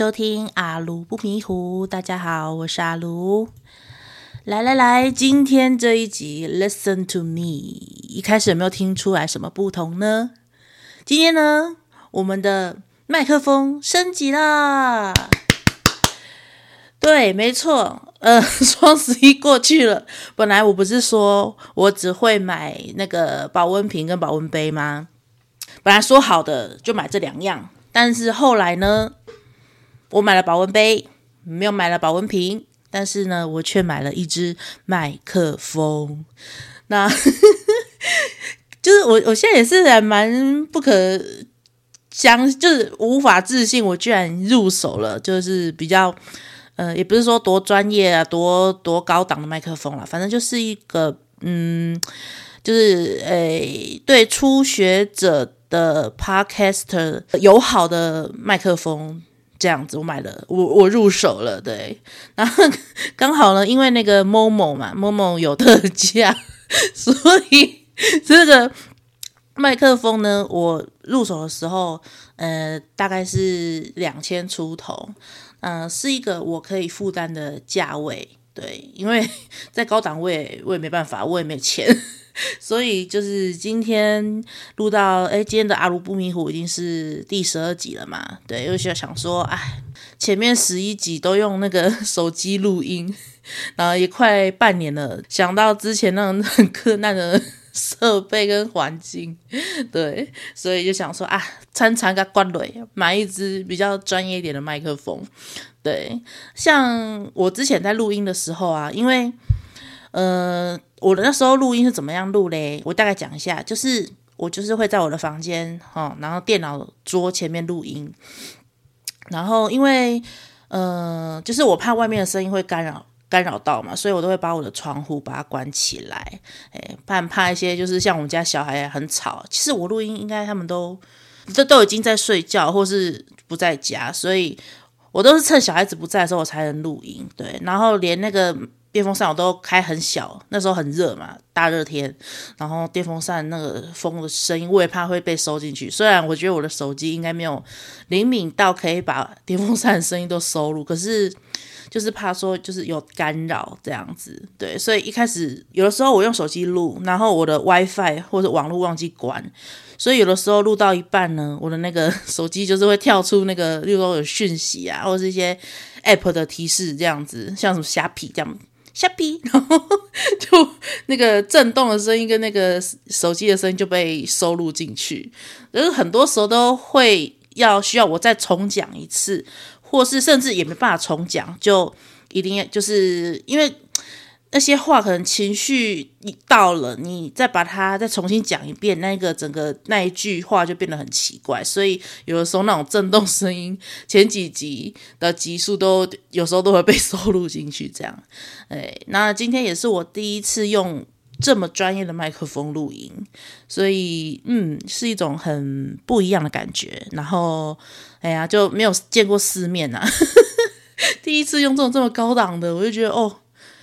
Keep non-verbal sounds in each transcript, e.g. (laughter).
收聽阿茹不迷糊，大家好，我是阿茹。來來來，今天這一集，Listen to me，一開始有沒有聽出來什麼不同呢？今天呢，我們的麥克風升級啦。 (laughs) 對，沒錯，呃，雙十一過去了，本來我不是說我只會買那個保溫瓶跟保溫杯嗎？本來說好的就買這兩樣，但是後來呢？我買了保溫杯，沒有買了保溫瓶，但是呢，我卻買了一支麥克風。那 (laughs) 就是我，我現在也是還蠻不可相，就是無法置信，我居然入手了，就是比較，呃，也不是說多專業啊，多多高檔的麥克風啦，反正就是一個，嗯，就是誒、欸，對初學者的 Podcaster 友好的麥克風。這樣子，我買了，我我入手了，對，然後剛好呢，因為那個 Momo 嘛，Momo 有特價，所以這個麥克風呢，我入手的時候，呃，大概是兩千出頭，嗯、呃，是一個我可以負擔的價位。對，因為在高檔位，我也沒辦法，我也沒有錢， (laughs) 所以就是今天錄到，誒，今天的阿茹不迷糊已經是第十二集了嘛。對，又想說，哎，前面十一集都用那個手機錄音，然後也快半年了，想到之前那柯那的。設 (laughs) 備跟環境，對，所以就想說啊，參禪跟觀蕊，買一支比較專業一點的麥克風，對，像我之前在錄音的時候啊，因為，呃，我那時候錄音是怎麼樣錄嘞？我大概講一下，就是我就是會在我的房間哈，然後電腦桌前面錄音，然後因為，呃，就是我怕外面的聲音會干擾。干擾到嘛，所以我都會把我的窗戶把它關起來，誒、哎，怕怕一些就是像我們家小孩很吵。其實我錄音應該他們都都都已經在睡覺或是不在家，所以我都是趁小孩子不在的時候，我才能錄音。對，然後連那個電風扇我都開很小，那時候很熱嘛，大熱天，然後電風扇那個風的聲音我也怕會被收進去。雖然我覺得我的手機應該沒有靈敏到可以把電風扇的聲音都收錄，可是。就是怕說就是有干擾這樣子，對，所以一開始有的時候我用手機錄，然後我的 WiFi 或者網絡忘記關，所以有的時候錄到一半呢，我的那個手機就是會跳出那個，例如說有訊息啊，或者是一些 App 的提示這樣子，像什麼蝦皮這樣，蝦皮，然後就那個震動的聲音跟那個手機的聲音就被收錄進去，就是很多時候都會要需要我再重講一次。或是甚至也沒辦法重講，就一定要就是因為那些話可能情緒一到了，你再把它再重新講一遍，那個整個那一句話就變得很奇怪。所以有的時候那種震動聲音，前幾集的集數都有時候都會被收錄進去。這樣，誒，那今天也是我第一次用這麼專業的麥克風錄音，所以嗯，是一種很不一樣的感覺。然後。哎呀，就沒有見過世面吶、啊！ (laughs) 第一次用這種這麼高檔的，我就覺得哦，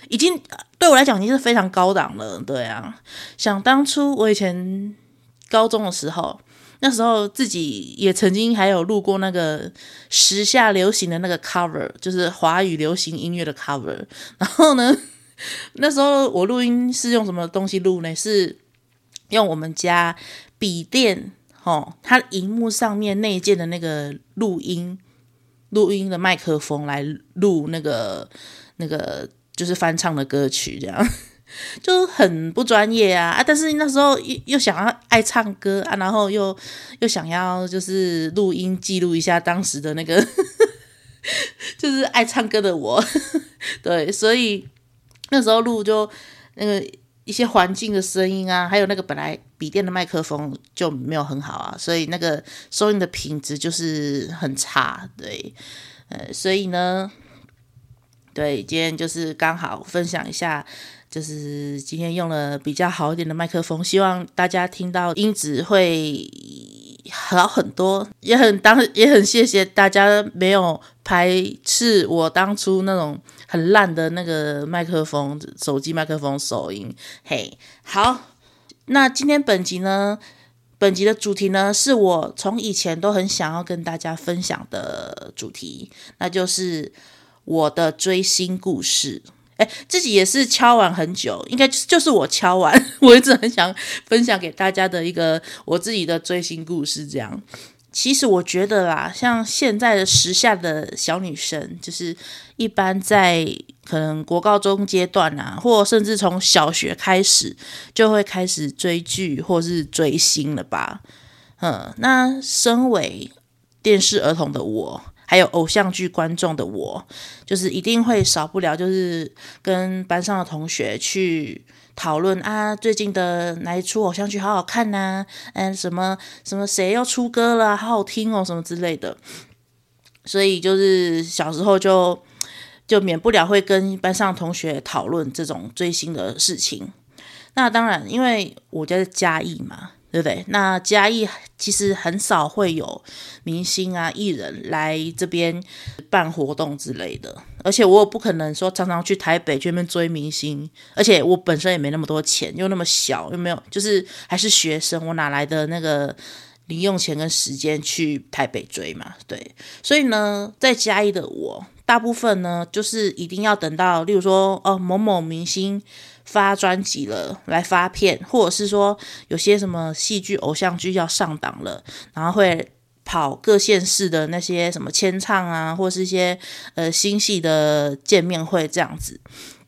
已經對我來講已經是非常高檔了。對啊，想當初我以前高中的時候，那時候自己也曾經還有錄過那個時下流行的那個 cover，就是華語流行音樂的 cover。然後呢，那時候我錄音是用什麼東西錄呢？是用我們家筆電。哦，他熒幕上面內建的那個錄音，錄音的麥克風來錄那個那個就是翻唱的歌曲，這樣就很不專業啊！啊，但是那時候又又想要愛唱歌啊，然後又又想要就是錄音記錄一下當時的那個就是愛唱歌的我，對，所以那時候錄就那個。一些環境的聲音啊，還有那個本來筆電的麥克風就沒有很好啊，所以那個收音的品質就是很差，對，呃，所以呢，對，今天就是剛好分享一下，就是今天用了比較好一點的麥克風，希望大家聽到音質會好很多，也很當，也很謝謝大家沒有排斥我當初那種很爛的那個麥克風，手機麥克風收音。嘿、hey，好，那今天本集呢，本集的主題呢，是我從以前都很想要跟大家分享的主題，那就是我的追星故事。哎、欸，自己也是敲碗很久，應該、就是、就是我敲碗，我一直很想分享給大家的一個我自己的追星故事。這樣，其實我覺得啦，像現在的時下的小女生，就是一般在可能國高中階段啊，或甚至從小學開始就會開始追劇或是追星了吧。嗯，那身為電視兒童的我。還有偶像劇觀眾的我，就是一定會少不了，就是跟班上的同學去討論啊，最近的哪一出偶像劇好好看呢、啊？嗯、啊，什麼什麼誰要出歌了，好好聽哦，什麼之類的。所以就是小時候就就免不了會跟班上同學討論這種最新的事情。那當然，因為我家在嘉義嘛。對不對？那嘉義其實很少會有明星啊、藝人來這邊辦活動之類的。而且我不可能說常常去台北這邊追明星，而且我本身也沒那麼多錢，又那麼小，又沒有，就是還是學生，我哪來的那個零用錢跟時間去台北追嘛？對，所以呢，在嘉義的我，大部分呢就是一定要等到，例如說哦，某某明星。發專輯了，來發片，或者是說有些什麼戲劇、偶像劇要上檔了，然後會跑各縣市的那些什麼簽唱啊，或是一些呃新戲的見面會這樣子。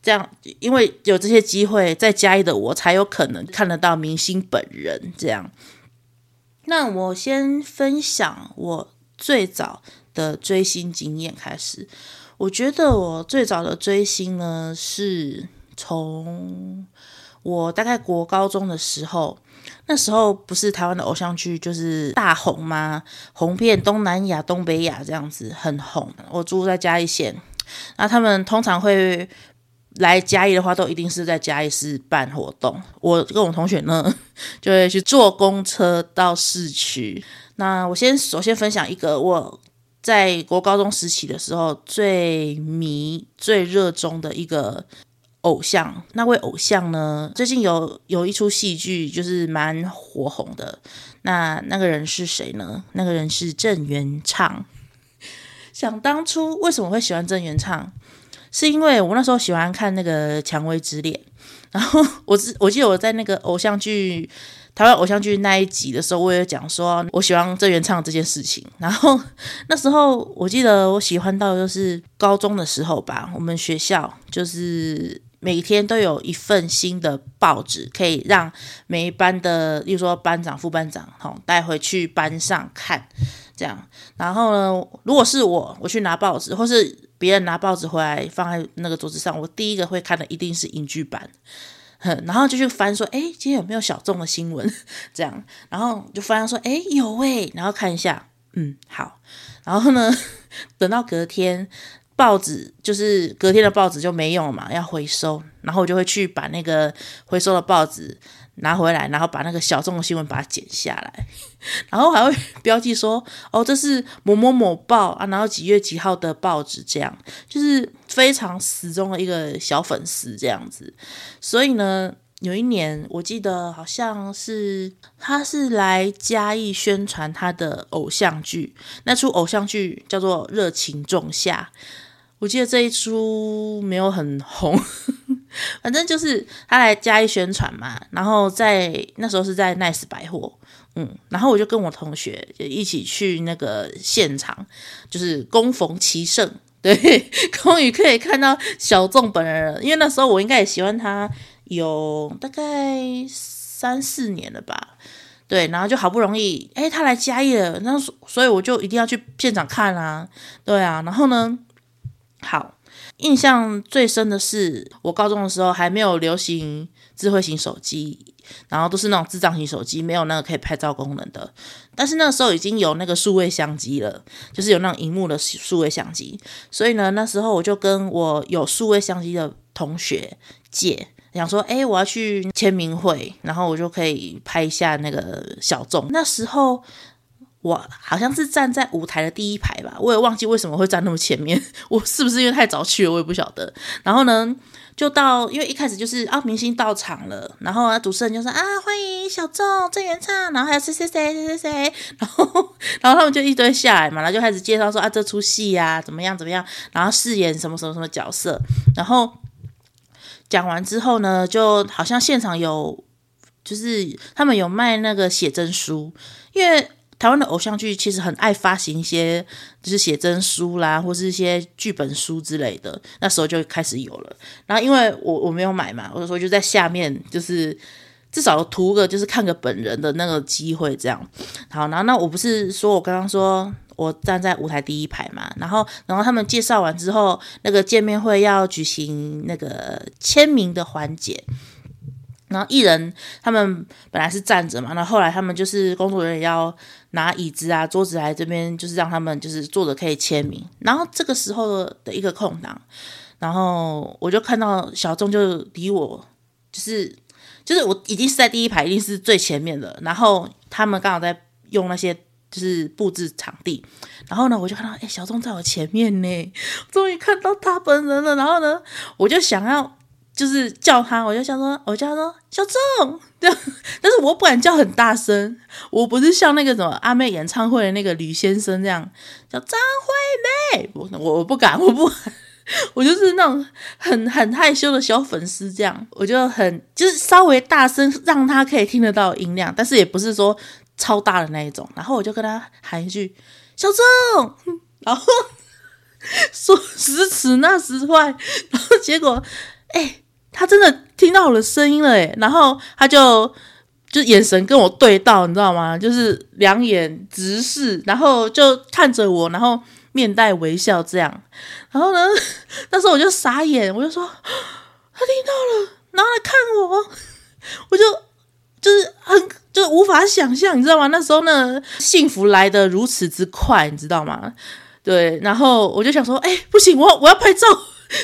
這樣，因為有這些機會，在嘉義的我才有可能看得到明星本人這樣。那我先分享我最早的追星經驗開始。我覺得我最早的追星呢是從我大概國高中的時候，那時候不是台灣的偶像劇就是大紅嗎？紅遍東南亞、東北亞這樣子，很紅。我住在嘉義縣，那他們通常會來嘉義的話，都一定是在嘉義市辦活動。我跟我同學呢，就會去坐公車到市區。那我先首先分享一個我在國高中時期的時候最迷、最熱衷的一個。偶像，那位偶像呢，最近有有一齣戲劇，就是蠻火紅的。那那個人是誰呢？那個人是鄭元暢。想當初為什麼會喜歡鄭元暢？是因為我那時候喜歡看那個《薔薇之戀》，然後我記我記得我在那個偶像劇、台灣偶像劇那一集的時候，我也講說我喜歡鄭元暢這件事情。然後那時候我記得我喜歡到就是高中的時候吧，我們學校就是。每天都有一份新的報紙，可以讓每一班的，例如說班長、副班長，帶回去班上看，這樣。然後呢，如果是我，我去拿報紙，或是別人拿報紙回來放在那個桌子上，我第一個會看的一定是影劇版，哼，然後就去翻說，哎，今天有沒有小眾的新聞？這樣，然後就翻說，哎，有哎，然後看一下，嗯，好，然後呢，等到隔天。報紙就是隔天的報紙就沒用了嘛，要回收。然後我就會去把那個回收的報紙拿回來，然後把那個小眾的新聞把它剪下來，然後還會標記說哦，這是某某某報啊，然後幾月幾號的報紙這樣，就是非常死忠的一個小粉絲這樣子。所以呢，有一年我記得好像是他是來嘉義宣傳他的偶像劇，那出偶像劇叫做《熱情仲夏》。我記得這一出沒有很紅， (laughs) 反正就是他來嘉義宣傳嘛，然後在那時候是在 Nice 百貨，嗯，然後我就跟我同學也一起去那個現場，就是恭逢其盛，對，終於可以看到小眾本人了，因為那時候我應該也喜歡他有大概三四年了吧，對，然後就好不容易，哎，他來嘉義了，那所以我就一定要去現場看啦，啊，對啊，然後呢？好，印象最深的是我高中的時候還沒有流行智慧型手機，然後都是那種智障型手機，沒有那個可以拍照功能的。但是那時候已經有那個數位相機了，就是有那種熒幕的數位相機。所以呢，那時候我就跟我有數位相機的同學借，想說，哎，我要去簽名會，然後我就可以拍一下那個小眾。那時候。哇，好像是站在舞台的第一排吧，我也忘記為什麼會站那麼前面， (laughs) 我是不是因為太早去了，我也不曉得。然後呢，就到因為一開始就是啊，明星到場了，然後啊，主持人就說啊，歡迎小眾鄭元暢，然後還有誰誰誰誰誰誰，然後然後他們就一堆下來，嘛，然後就開始介紹說啊，這出戲呀、啊，怎麼樣怎麼樣，然後飾演什麼什麼什麼角色，然後講完之後呢，就好像現場有就是他們有賣那個寫真書，因為。台灣的偶像劇其實很愛發行一些就是寫真書啦，或是一些劇本書之類的。那時候就開始有了。然後因為我我沒有買嘛，我就說就在下面，就是至少圖個就是看個本人的那個機會這樣。好，然後那我不是說我剛剛說我站在舞台第一排嘛，然後然後他們介紹完之後，那個見面會要舉行那個簽名的環節。然後藝人他們本來是站着嘛，那後，後來他們就是工作人員要拿椅子啊、桌子來這邊，就是讓他們就是坐着可以簽名。然後這個時候的一個空檔，然後我就看到小鐘就離我，就是就是我已經是在第一排，一定是最前面的。然後他們剛好在用那些就是布置場地，然後呢我就看到，哎、欸，小鐘在我前面呢，終於看到他本人了。然後呢我就想要。就是叫他，我就想說，我叫他說小鄭，這樣。但是我不敢叫很大聲，我不是像那個什麼阿妹演唱會的那個呂先生這樣叫張惠妹，我我不敢，我不敢，我就是那種很很害羞的小粉絲，這樣。我就很就是稍微大聲，讓他可以聽得到音量，但是也不是說超大的那一種。然後我就跟他喊一句小鄭，然後說時遲那時快，然後結果哎。欸他真的聽到我的聲音了誒，然後他就就眼神跟我對到，你知道嗎？就是兩眼直視，然後就看着我，然後面帶微笑這樣。然後呢，那時候我就傻眼，我就說他聽到了，然後他來看我，我就就是很就無法想象，你知道嗎？那時候呢，幸福來得如此之快，你知道嗎？對，然後我就想說，哎、欸，不行，我我要拍照。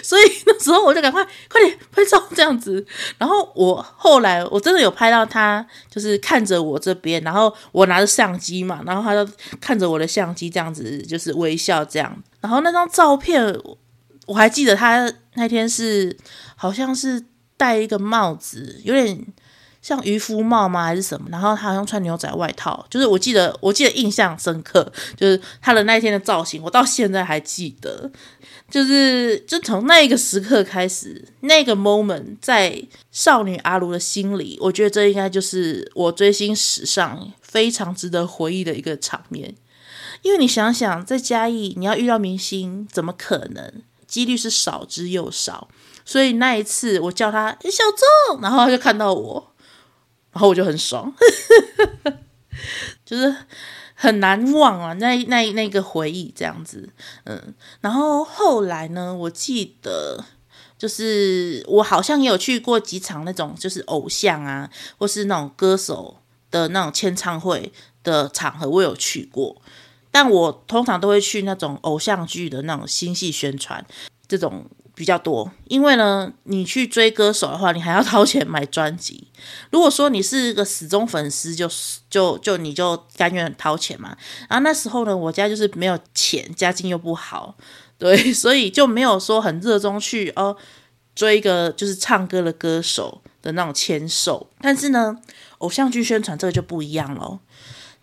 所以那時候我就趕快快點拍照這樣子，然後我後來我真的有拍到他，就是看着我這邊，然後我拿着相機嘛，然後他就看着我的相機這樣子，就是微笑這樣。然後那張照片，我還記得他那天是好像是戴一個帽子，有點像漁夫帽嗎，還是什麼？然後他好像穿牛仔外套，就是我記得我記得印象深刻，就是他的那天的造型，我到現在還記得。就是，就從那一個時刻開始，那個 moment 在少女阿茹的心裡，我覺得這應該就是我追星史上非常值得回憶的一個場面。因為你想想，在嘉義你要遇到明星，怎麼可能？幾率是少之又少。所以那一次，我叫他，欸、小周，然後他就看到我，然後我就很爽， (laughs) 就是。很難忘啊，那那那個回憶這樣子，嗯，然後後來呢，我記得就是我好像也有去過幾場那種就是偶像啊，或是那種歌手的那種簽唱會的場合，我有去過，但我通常都會去那種偶像劇的那種新戲宣傳這種。比較多，因為呢，你去追歌手的話，你還要掏錢買專輯。如果說你是一個死忠粉絲，就就就你就甘願掏錢嘛。然後那時候呢，我家就是沒有錢，家境又不好，對，所以就沒有說很熱衷去哦追一個就是唱歌的歌手的那種簽售。但是呢，偶像劇宣傳這個就不一樣了。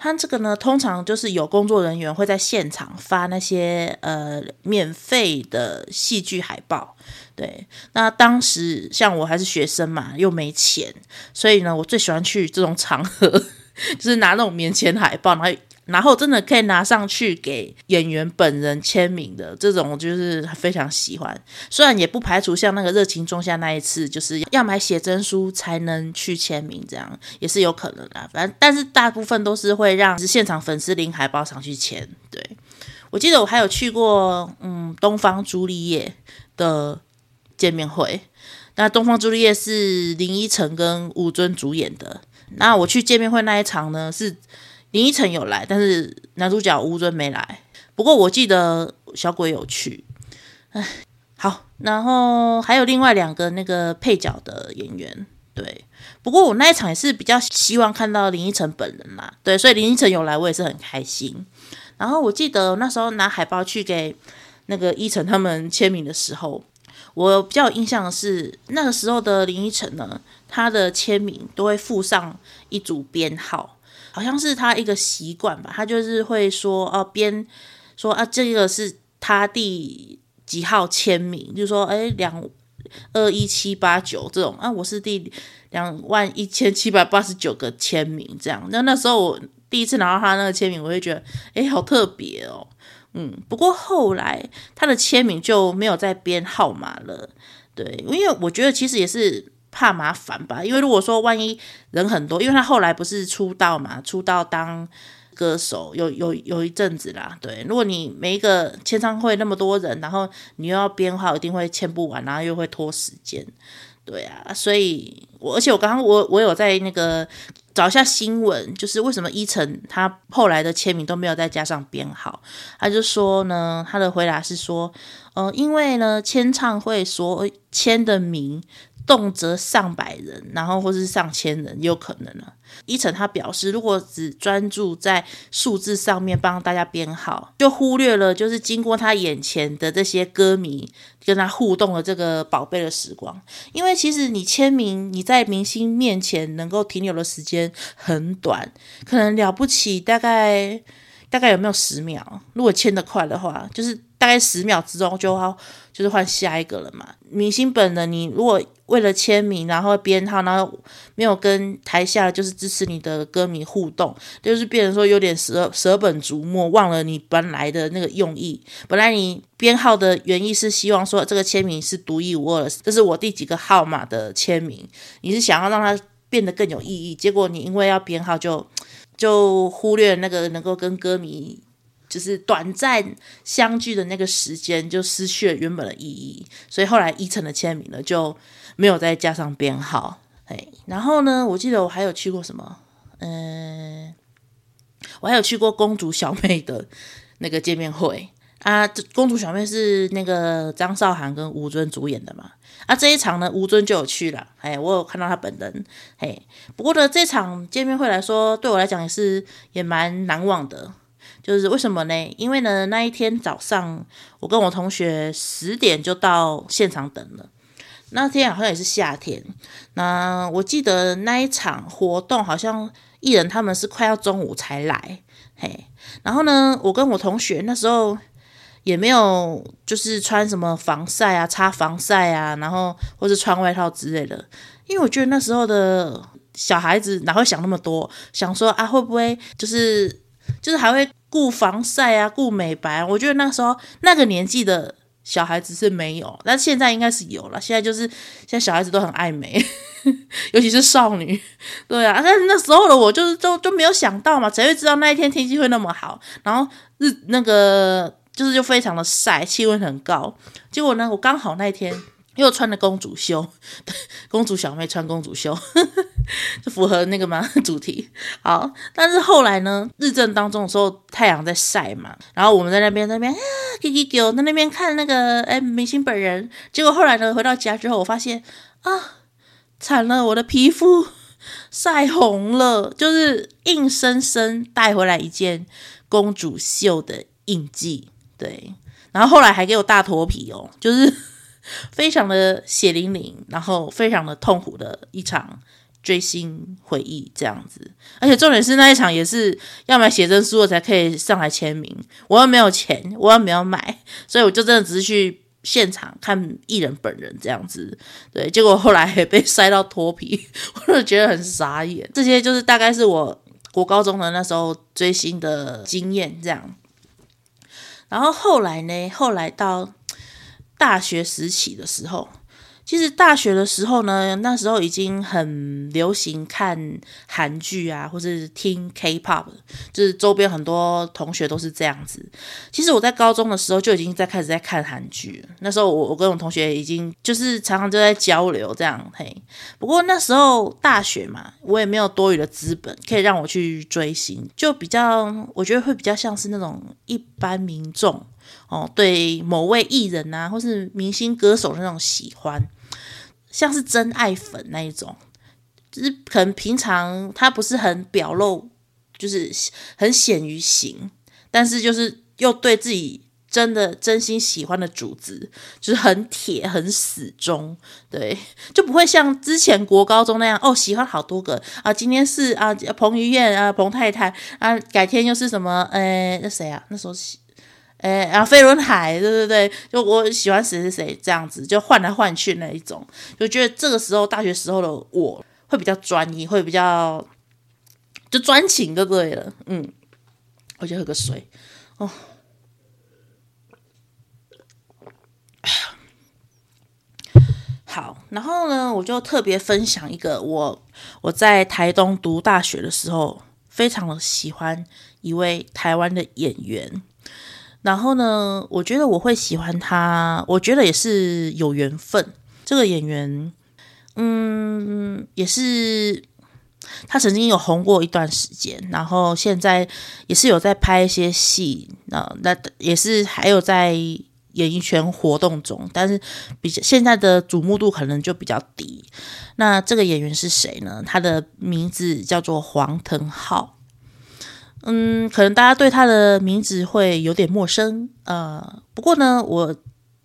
它這個呢，通常就是有工作人員會在現場發那些呃免費的戲劇海報。對，那當時像我還是學生嘛，又沒錢，所以呢，我最喜歡去這種場合，就是拿那種免錢海報，然後。然後真的可以拿上去給演員本人簽名的這種，就是非常喜歡。雖然也不排除像那個熱情仲夏那一次，就是要買寫真書才能去簽名，這樣也是有可能的啊。反正，但是大部分都是會讓現場粉絲領海報上去簽。對，我記得我還有去過，嗯，東方朱麗葉的見面會。那東方朱麗葉是林依晨跟吳尊主演的。那我去見面會那一場呢是。林依晨有來，但是男主角吳尊沒來。不過我記得小鬼有去。哎，好，然後還有另外兩個那個配角的演員。對，不過我那一場也是比較希望看到林依晨本人嘛、啊。對，所以林依晨有來，我也是很開心。然後我記得那時候拿海報去給那個依晨他們簽名的時候，我比較有印象的是那個時候的林依晨呢，他的簽名都會附上一組編號。好像是他一個習慣吧，他就是會說哦，編、啊、說啊，這個是他第幾號簽名，就是說，誒，兩二一七八九這種啊，我是第兩萬一千七百八十九個簽名這樣。那那時候我第一次拿到他那個簽名，我就覺得，誒，好特別哦，嗯。不過後來他的簽名就沒有再編號碼了，對，因為我覺得其實也是，怕麻煩吧，因為如果說萬一人很多，因為他後來不是出道嘛，出道當歌手有有有一陣子啦，對，如果你每一個簽唱會那麼多人，然後你又要編號，一定會簽不完，然後又會拖時間，對啊，所以我而且我剛剛我我有在那個找一下新聞，就是為什麼伊誠他後來的簽名都沒有再加上編號，他就說呢，他的回答是說，呃，因為呢簽唱會所簽的名。動輒上百人，然後或是上千人，有可能呢。伊誠他表示，如果只專注在數字上面幫大家編號，就忽略了就是經過他眼前的這些歌迷跟他互動的這個寶貝的時光。因為其實你簽名，你在明星面前能夠停留的時間很短，可能了不起大概大概有沒有十秒？如果簽得快的話，就是大概十秒之中就要就是換下一個了嘛。明星本人，你如果為了簽名，然後編號，然後沒有跟台下就是支持你的歌迷互動，就是變成說有點捨捨本逐末，忘了你本來的那個用意。本來你編號的原意是希望說這個簽名是獨一無二的，這是我第幾個號碼的簽名。你是想要讓它變得更有意義，結果你因為要編號就，就就忽略了那個能夠跟歌迷就是短暫相聚的那個時間，就失去了原本的意義。所以後來一層的簽名呢，就沒有再加上編號，哎，然後呢？我記得我還有去過什麼？嗯、呃，我還有去過公主小妹的那個見面會啊。公主小妹是那個張韶涵跟吳尊主演的嘛？啊，這一場呢，吳尊就有去了，哎，我有看到他本人，哎，不過呢，這場見面會來說，對我來講也是也蠻難忘的。就是為什麼呢？因為呢，那一天早上，我跟我同學十點就到現場等了。那天好像也是夏天，那我記得那一場活動好像藝人他們是快要中午才來，嘿，然後呢，我跟我同學那時候也沒有就是穿什麼防曬啊、擦防曬啊，然後或者穿外套之類的，因為我覺得那時候的小孩子哪會想那麼多，想說啊會不會就是就是還會顧防曬啊、顧美白啊。我覺得那時候那個年紀的。小孩子是沒有，但現在應該是有了。現在就是現在小孩子都很愛美，呵呵，尤其是少女。對啊，但是那時候的我就是都都沒有想到嘛，誰會知道那一天天氣會那麼好？然後日那個就是就非常的曬，氣溫很高。結果呢，我剛好那天又穿了公主袖，公主小妹穿公主袖。呵呵。就符合那個嗎？主題好，但是後來呢？日正當中的時候，太陽在曬嘛，然後我們在那邊在那邊，滴滴丟，在那邊看那個誒明星本人。結果後來呢，回到家之後，我發現啊，慘了，我的皮膚曬紅了，就是硬生生帶回來一件公主袖的印記。對，然後後來還給我大脫皮哦，就是非常的血淋淋，然後非常的痛苦的一場。追星回憶這樣子，而且重點是那一場也是要買寫真書我才可以上來簽名，我又沒有錢，我又沒有買，所以我就真的只是去現場看藝人本人這樣子。對，結果後來被摔到脫皮，我就覺得很傻眼。這些就是大概是我國高中的那時候追星的經驗這樣。然後後來呢？後來到大學時期的時候。其實大學的時候呢，那時候已經很流行看韓劇啊，或是聽 K-pop，就是周邊很多同學都是這樣子。其實我在高中的時候就已經在開始在看韓劇，那時候我我跟我同學已經就是常常就在交流這樣嘿。不過那時候大學嘛，我也沒有多餘的資本可以讓我去追星，就比較，我覺得會比較像是那種一般民眾。哦，對某位藝人啊，或是明星歌手的那種喜歡，像是真愛粉那一種，就是可能平常他不是很表露，就是很顯於形，但是就是又對自己真的真心喜歡的主子，就是很鐵、很死忠，對，就不會像之前國高中那樣哦，喜歡好多個啊，今天是啊彭於晏啊彭太太啊，改天又是什麼？哎，那誰啊？那時候。哎、欸、啊，飛輪海，對對對，就我喜歡誰誰誰這樣子，就換來換去那一種。就覺得這個時候大學時候的我會比較專一，會比較就專情就對了。嗯，我就喝個水哦。好，然後呢，我就特別分享一個我我在台東讀大學的時候，非常的喜歡一位台灣的演員。然後呢，我覺得我會喜歡他，我覺得也是有緣分。這個演員，嗯，也是他曾經有紅過一段時間，然後現在也是有在拍一些戲，那那也是還有在演藝圈活動中，但是比較現在的矚目度可能就比較低。那這個演員是誰呢？他的名字叫做黃騰浩。嗯，可能大家對他的名字會有點陌生，呃，不過呢，我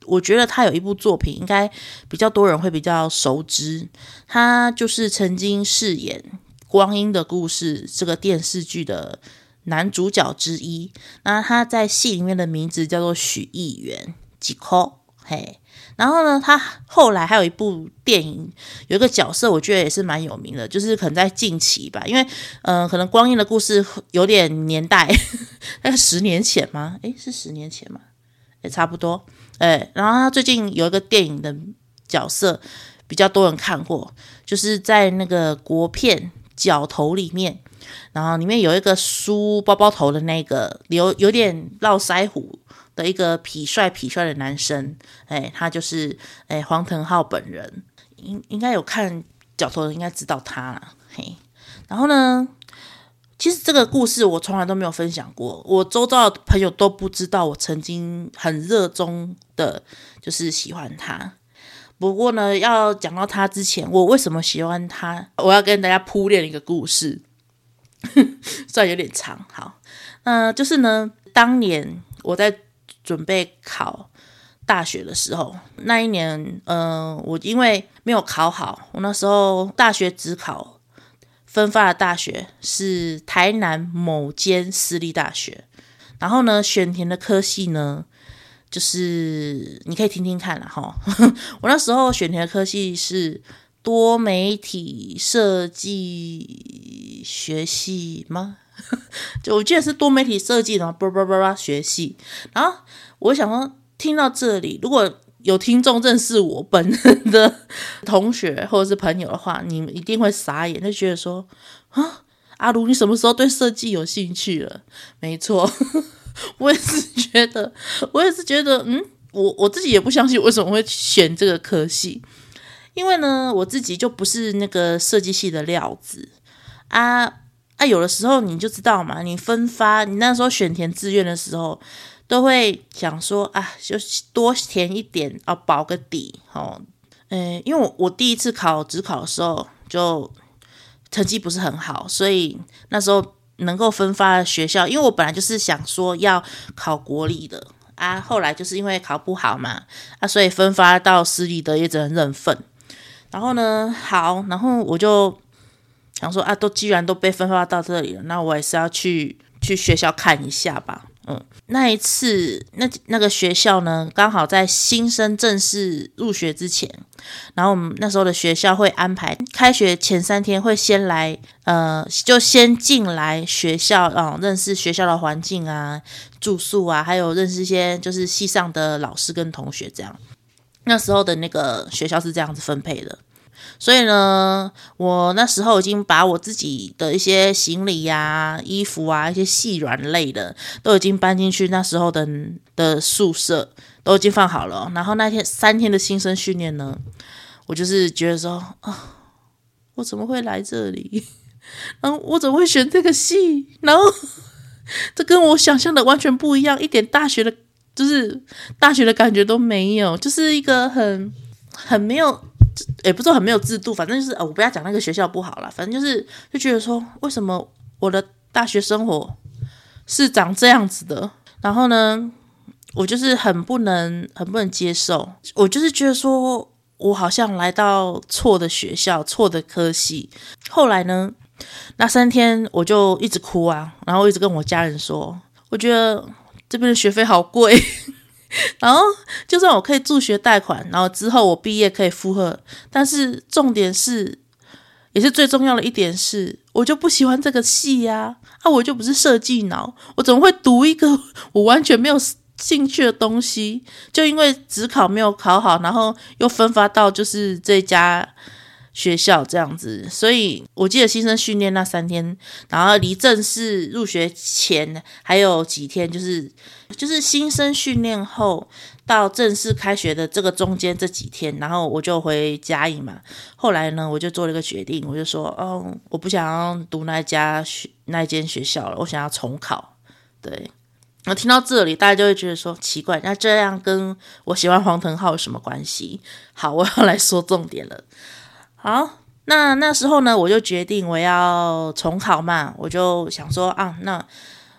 我覺得他有一部作品應該比較多人會比較熟知，他就是曾經飾演《光陰的故事》這個電視劇的男主角之一，那他在戲裡面的名字叫做許藝源，幾口，嘿。然後呢，他後來還有一部電影，有一個角色，我覺得也是蠻有名的，就是可能在近期吧，因為，嗯、呃，可能《光陰的故事》有點年代，那 (laughs) 個十年前嗎？誒，是十年前嗎？也差不多。誒，然後他最近有一個電影的角色比較多人看過，就是在那個國片《角頭》裡面，然後裡面有一個梳包包頭的那個，有有點絡腮鬍。的一個痞帥痞帥的男生，哎、欸，他就是哎、欸、黃騰浩本人，應應該有看《角頭》，應該知道他嘿、欸。然後呢，其實這個故事我從來都沒有分享過，我周遭的朋友都不知道我曾經很熱衷的，就是喜歡他。不過呢，要講到他之前，我為什麼喜歡他，我要跟大家鋪墊一個故事， (laughs) 算有點長。好，嗯、呃，就是呢，當年我在。準備考大學的時候，那一年，嗯、呃，我因為沒有考好，我那時候大學指考分發的大學是台南某間私立大學，然後呢，選填的科系呢，就是你可以聽聽看了哈， (laughs) 我那時候選填的科系是多媒體設計學系嗎？ (laughs) 就我記得是多媒體設計的，然後叭叭叭叭學系。然後我想說，聽到這裡，如果有聽眾認識我本人的同學或者是朋友的話，你們一定會傻眼，就覺得說啊，阿茹，你什麼時候對設計有興趣了？沒錯， (laughs) 我也是覺得，我也是覺得，嗯，我我自己也不相信為什麼會選這個科系，因為呢，我自己就不是那個設計系的料子啊。啊，有的時候你就知道嘛，你分發，你那時候選填志願的時候，都會想說啊，就多填一點哦，要保個底哦。嗯，因為我，我第一次考指考的時候，就成績不是很好，所以那時候能夠分發學校，因為我本來就是想說要考國立的啊，後來就是因為考不好嘛，啊，所以分發到私立的也只能認份。然後呢，好，然後我就。想說啊，都既然都被分發到這裡了，那我還是要去去學校看一下吧。嗯，那一次，那那個學校呢，剛好在新生正式入學之前，然後我們那時候的學校會安排開學前三天會先來，呃，就先進來學校啊、嗯，認識學校的環境啊，住宿啊，還有認識一些就是系上的老師跟同學這樣。那時候的那個學校是這樣子分配的。所以呢，我那時候已經把我自己的一些行李呀、啊、衣服啊、一些細軟類的都已經搬進去，那時候的的宿舍都已經放好了。然後那天三天的新生訓練呢，我就是覺得說啊、哦，我怎麼會來這裡？然後我怎麼會選這個系？然後這跟我想象的完全不一樣，一點大學的，就是大學的感覺都沒有，就是一個很很沒有。也不是說很沒有制度，反正就是啊、哦，我不要講那個學校不好啦，反正就是就覺得說，為什麼我的大學生活是長這樣子的？然後呢，我就是很不能、很不能接受，我就是覺得說我好像來到錯的學校、錯的科系。後來呢，那三天我就一直哭啊，然後一直跟我家人說，我覺得這邊的學費好貴。 (laughs) 然後，就算我可以助學貸款，然後之後我畢業可以負荷，但是重點是，也是最重要的一點是，我就不喜歡這個系呀、啊！啊，我就不是設計腦，我怎麼會讀一個我完全沒有興趣的東西？就因為指考沒有考好，然後又分發到就是這家。學校這樣子，所以我記得新生訓練那三天，然後離正式入學前還有幾天，就是就是新生訓練後到正式開學的這個中間這幾天，然後我就回家裡嘛。後來呢，我就做了一個決定，我就說，嗯、哦，我不想要讀那家學那間學校了，我想要重考。對，那聽到這裡，大家就會覺得說奇怪，那這樣跟我喜歡黃騰浩有什麼關係？好，我要來說重點了。好，那那時候呢，我就決定我要重考嘛，我就想說啊，那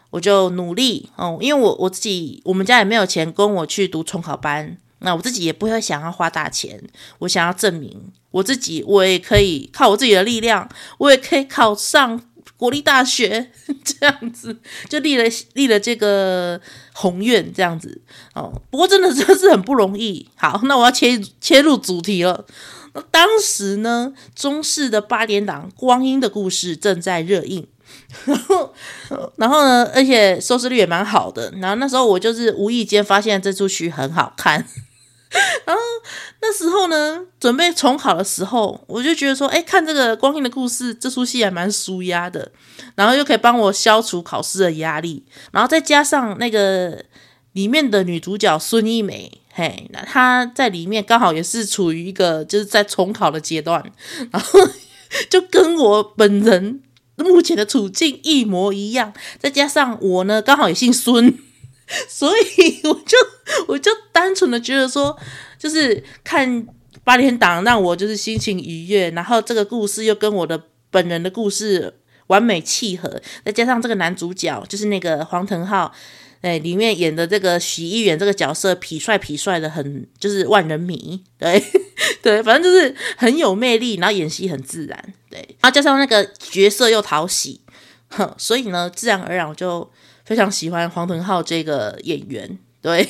我就努力哦、嗯，因為我我自己，我們家也沒有錢供我去讀重考班，那我自己也不會想要花大錢，我想要證明我自己，我也可以靠我自己的力量，我也可以考上國立大學這樣子就立了立了這個宏願這樣子哦，不過真的真的是很不容易。好，那我要切切入主題了。那當時呢，中式的八點檔《光陰的故事》正在熱映，然後呢，而且收視率也蠻好的。然後那時候我就是無意間發現這出劇很好看。 (laughs) 然後那時候呢，準備重考的時候，我就覺得說，哎，看這個《光陰的故事》這出戲還蠻舒壓的，然後又可以幫我消除考試的壓力，然後再加上那個裡面的女主角孫一美，嘿，那她在裡面剛好也是處於一個就是在重考的階段，然後就跟我本人目前的處境一模一樣，再加上我呢，剛好也姓孫。所以我就我就單純的覺得說，就是看八點檔讓我就是心情愉悅，然後這個故事又跟我的本人的故事完美契合，再加上這個男主角就是那個黃騰浩，哎，裡面演的這個許議員這個角色痞帥痞帥的很，就是萬人迷，對對，反正就是很有魅力，然後演戲很自然，對，然後加上那個角色又討喜，哼，所以呢，自然而然我就。非常喜歡黃騰浩這個演員，對，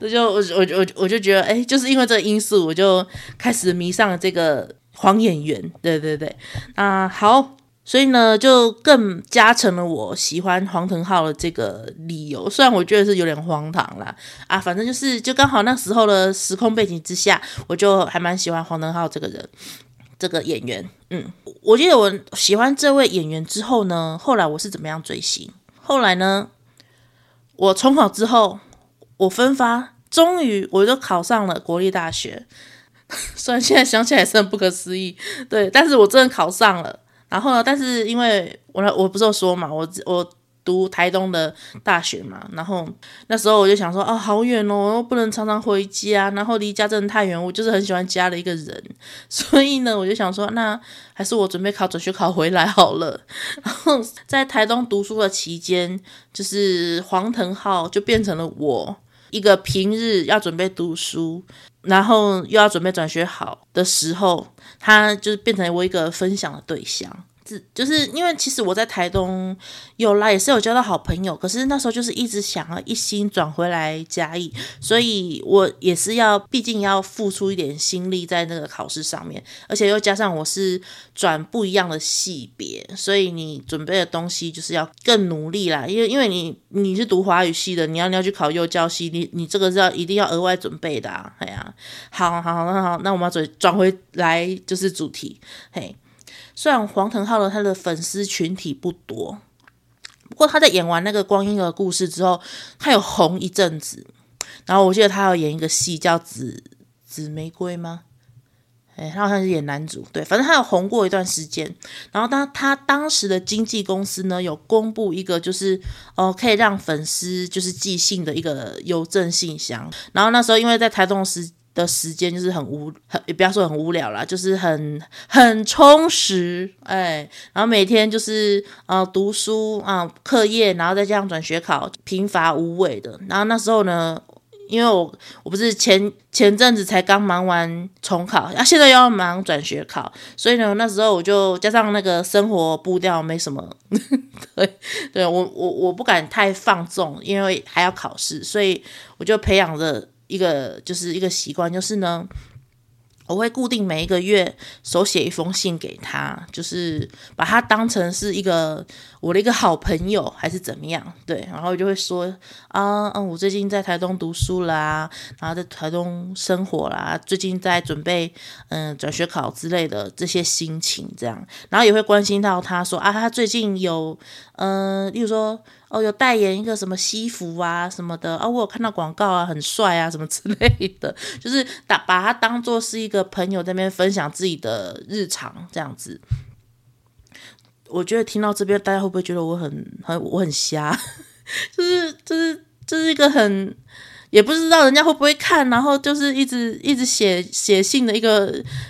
(laughs) 就我就我我我我就覺得，哎、欸，就是因為這個因素，我就開始迷上了這個黃演員，對對對，啊，好，所以呢，就更加成了我喜歡黃騰浩的這個理由。雖然我覺得是有點荒唐了啊，反正就是就剛好那時候的時空背景之下，我就還蠻喜歡黃騰浩這個人，這個演員。嗯，我記得我喜歡這位演員之後呢，後來我是怎麼樣追星？後來呢，我重考之後，我分發，終於我就考上了國立大學。雖然現在想起來是很不可思議，對，但是我真的考上了。然後呢，但是因為我我不是有說嘛，我我。讀台東的大學嘛，然後那時候我就想說，哦，好遠哦，不能常常回家，然後離家真的太遠，我就是很喜歡家的一個人，所以呢，我就想說，那還是我準備考轉學考回來好了。然後在台東讀書的期間，就是黃騰浩就變成了我一個平日要準備讀書，然後又要準備轉學考的時候，他就是變成了我一個分享的對象。就是因為其實我在台東有啦，也是有交到好朋友。可是那時候就是一直想要一心轉回來嘉義，所以我也是要，畢竟要付出一點心力在那個考試上面。而且又加上我是轉不一樣的系別，所以你準備的東西就是要更努力啦。因為，因為你，你是讀華語系的，你要，你要去考幼教系，你，你這個是要一定要額外準備的啊。哎呀，啊，好好好，那好，那我們要轉，轉回來就是主題，嘿。雖然黃騰浩的他的粉絲群體不多，不過他在演完那個《光陰的故事》之後，他有紅一陣子。然後我記得他有演一個戲叫紫《紫紫玫瑰》嗎？哎、欸，他好像是演男主。對，反正他有紅過一段時間。然後當他，他當時的經紀公司呢，有公布一個就是哦、呃，可以讓粉絲就是寄信的一個郵政信箱。然後那時候因為在台中時。的時間就是很無，很也不要說很無聊啦，就是很很充實哎。然後每天就是呃讀書啊、呃，課業，然後再加上轉學考，貧乏無味的。然後那時候呢，因為我我不是前前陣子才剛忙完重考啊，現在又要忙轉學考，所以呢，那時候我就加上那個生活步調沒什麼。 (laughs) 對，對我我我不敢太放縱，因為還要考試，所以我就培養着。一個就是一個習慣，就是呢，我會固定每一個月手寫一封信給他，就是把它當成是一個。我的一個好朋友還是怎麼樣？對，然後我就會說啊，嗯，我最近在台東讀書啦、啊，然後在台東生活啦、啊，最近在準備嗯、呃、轉學考之類的這些心情，這樣，然後也會關心到他說啊，他最近有嗯、呃，例如說哦，有代言一個什麼西服啊什麼的啊、哦，我有看到廣告啊，很帥啊什麼之類的，就是打把他當做是一個朋友在那邊分享自己的日常這樣子。我覺得聽到這邊，大家會不會覺得我很很我很瞎？就是就是這，就是一個很也不知道人家會不會看，然後就是一直一直寫寫信的一個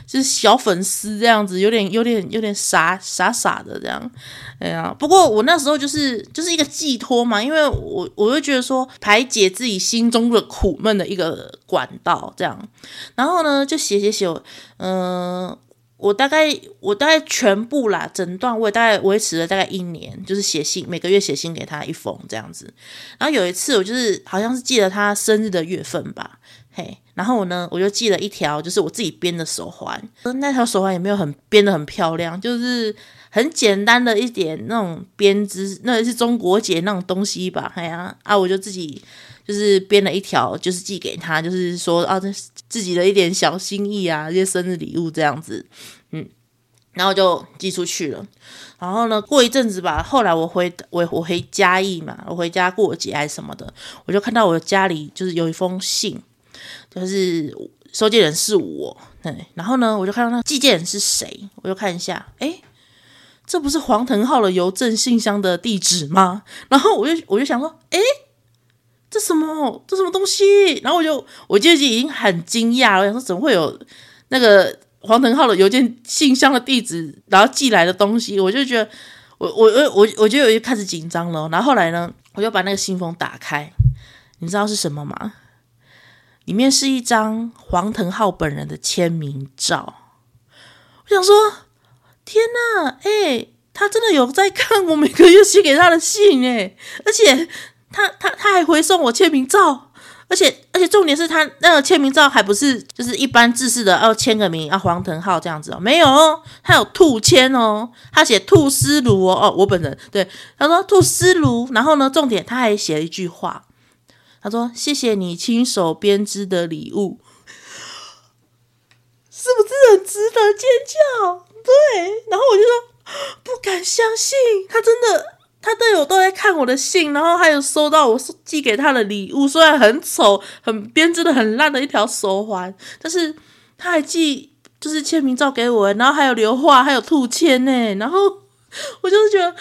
就是小粉絲這樣子，有點有點有點，有點傻傻傻的這樣。哎呀、啊，不過我那時候就是就是一個寄託嘛，因為我我就覺得說排解自己心中的苦悶的一個管道這樣。然後呢，就寫寫寫，嗯、呃。我大概我大概全部啦，整段我也大概維持了大概一年，就是寫信，每個月寫信給他一封這樣子。然後有一次，我就是好像是記得他生日的月份吧，嘿，然後我呢，我就寄了一條，就是我自己編的手環。那條手環也沒有很編的很漂亮，就是很簡單的一點那種編織，那是中國結那種東西吧，嘿啊啊，我就自己就是編了一條，就是寄給他，就是說啊，這是。自己的一點小心意啊，一些生日禮物這樣子，嗯，然後就寄出去了。然後呢，過一陣子吧，後來我回我我回嘉義嘛，我回家過節還是什麼的，我就看到我家裡就是有一封信，就是收件人是我，對，然後呢，我就看到那寄件人是誰，我就看一下，誒，這不是黃騰浩的郵政信箱的地址嗎？然後我就我就想說，誒。這什麼？這什麼東西？然後我就，我就已經很驚訝了，我想說，怎麼會有那個黃騰浩的郵件信箱的地址，然後寄來的東西？我就覺得，我我我我，我我我就有一開始緊張了哦。然後後來呢，我就把那個信封打開，你知道是什麼嗎？裡面是一張黃騰浩本人的簽名照。我想說，天哪！哎，他真的有在看我每個月寫給他的信，哎，而且。他他他還回送我簽名照，而且而且重點是他那個簽名照還不是就是一般製式的哦，要簽個名啊，黃騰浩這樣子哦，沒有哦，他有兔簽哦，他寫兔思如哦哦，我本人對他說兔思如，然後呢，重點他還寫了一句話，他說謝謝你親手編織的禮物，是不是很值得尖叫？對，然後我就說不敢相信他真的。他隊友都在看我的信，然後還有收到我寄給他的禮物，雖然很醜，很編織得很爛的一條手環，但是他還寄就是簽名照給我，然後還有留畫，還有兔簽耶。然後我就是覺得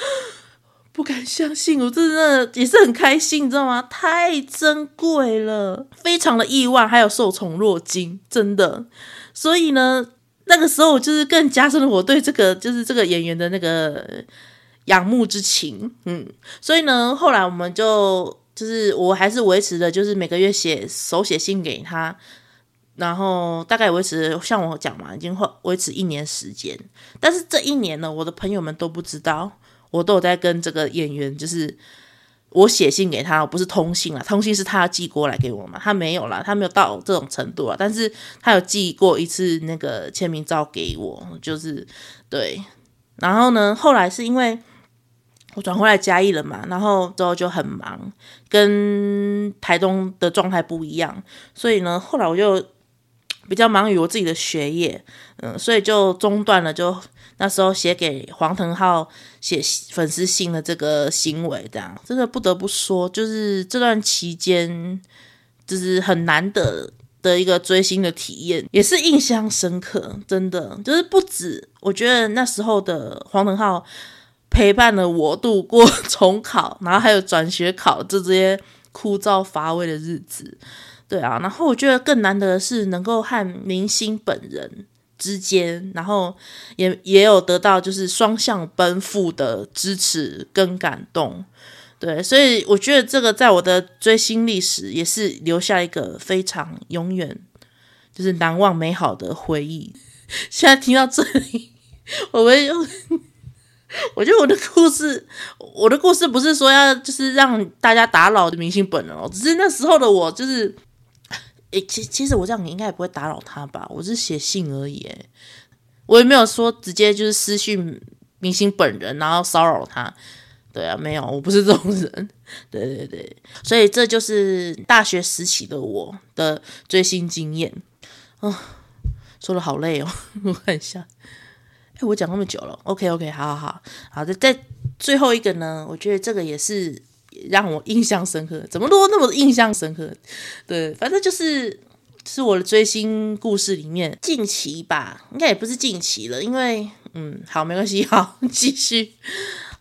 不敢相信，我真的也是很開心，你知道嗎？太珍貴了，非常的意外，還有受寵若驚，真的。所以呢，那個時候我就是更加深了我對這個就是這個演員的那個。仰慕之情，嗯，所以呢，後來我們就就是我還是維持著就是每個月寫手寫信給他，然後大概維持像我講嘛，已經維維持一年時間。但是這一年呢，我的朋友們都不知道我都有在跟這個演員，就是我寫信給他，不是通信啊，通信是他寄過來給我嘛，他沒有啦，他沒有到這種程度啊。但是他有寄過一次那個簽名照給我，就是對。然後呢，後來是因為。我轉回來嘉義了嘛，然後之後就很忙，跟台東的狀態不一樣，所以呢，後來我就比較忙於我自己的學業，嗯，所以就中斷了。就那時候寫給黃騰浩寫粉絲信的這個行為，這樣真的不得不說，就是這段期間就是很難得的一個追星的體驗，也是印象深刻，真的就是不止，我覺得那時候的黃騰浩。陪伴了我度過重考，然後還有轉學考這些枯燥乏味的日子，對啊。然後我覺得更難得的是能夠和明星本人之間，然後也也有得到就是雙向奔赴的支持跟感動，對。所以我覺得這個在我的追星歷史也是留下一個非常永遠就是難忘美好的回憶。現在聽到這裡，我們。我覺得我的故事，我的故事不是說要就是讓大家打擾的明星本人哦，只是那時候的我就是，誒，其其實我這樣你應該也不會打擾他吧，我是寫信而已，我也沒有說直接就是私訊明星本人，然後騷擾他，對啊，沒有，我不是這種人，對對對，所以這就是大學時期的我的追星經驗，啊、哦，說的好累哦，我看一下。哎、欸，我講那麼久了，OK OK，好好好，好的，再在最後一個呢，我覺得這個也是讓我印象深刻，怎麼說那麼印象深刻？對，反正就是是我的追星故事裡面近期吧，應該也不是近期了，因為嗯，好，沒關係，好，繼續。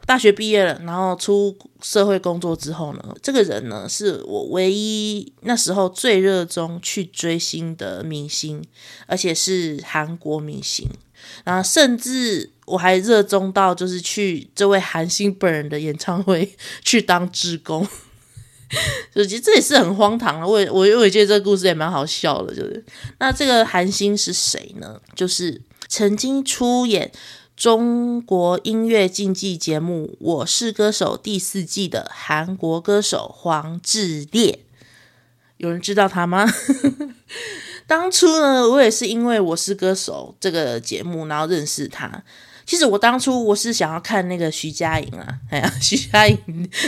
大學畢業了，然後出社會工作之後呢，這個人呢是我唯一那時候最熱衷去追星的明星，而且是韓國明星。然後，甚至我還熱衷到就是去這位韓星本人的演唱會去當志工， (laughs) 就其實這也是很荒唐的。我我我也覺得這個故事也蠻好笑的，就是那這個韓星是誰呢？就是曾經出演中國音樂競技節目《我是歌手》第四季的韓國歌手黃致列，有人知道他嗎？ (laughs) 當初呢，我也是因為我是歌手這個節目，然後認識他。其實我當初我是想要看那個徐佳瑩啊，哎呀，徐佳瑩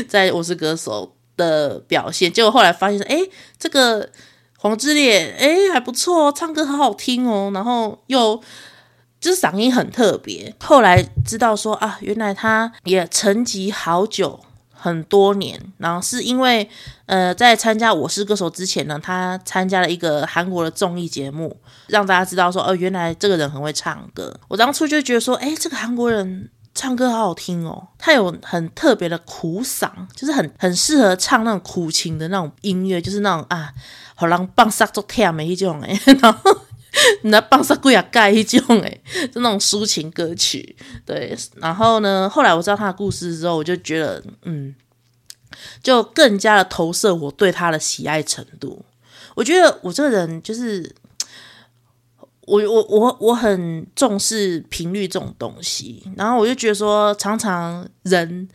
在我是歌手的表現，結果後來發現，哎，這個黃致列，哎，還不錯哦，唱歌好好聽哦，然後又就是嗓音很特別。後來知道說啊，原來他也沉寂好久。很多年，然後是因為，呃，在參加我是歌手之前呢，他參加了一個韓國的綜藝節目，讓大家知道說，呃、哦，原來這個人很會唱歌。我當初就覺得說，誒，這個韓國人唱歌好好聽哦，他有很特別的苦嗓，就是很很適合唱那種苦情的那種音樂，就是那種啊，好讓棒殺做跳，沒一種誒。然後。 (laughs) 那幫上貴陽蓋一種誒，就那種抒情歌曲。對，然後呢，後來我知道他的故事之後，我就覺得，嗯，就更加的投射我對他的喜愛程度。我覺得我這個人就是，我我我我很重視頻率這種東西。然後我就覺得說，常常人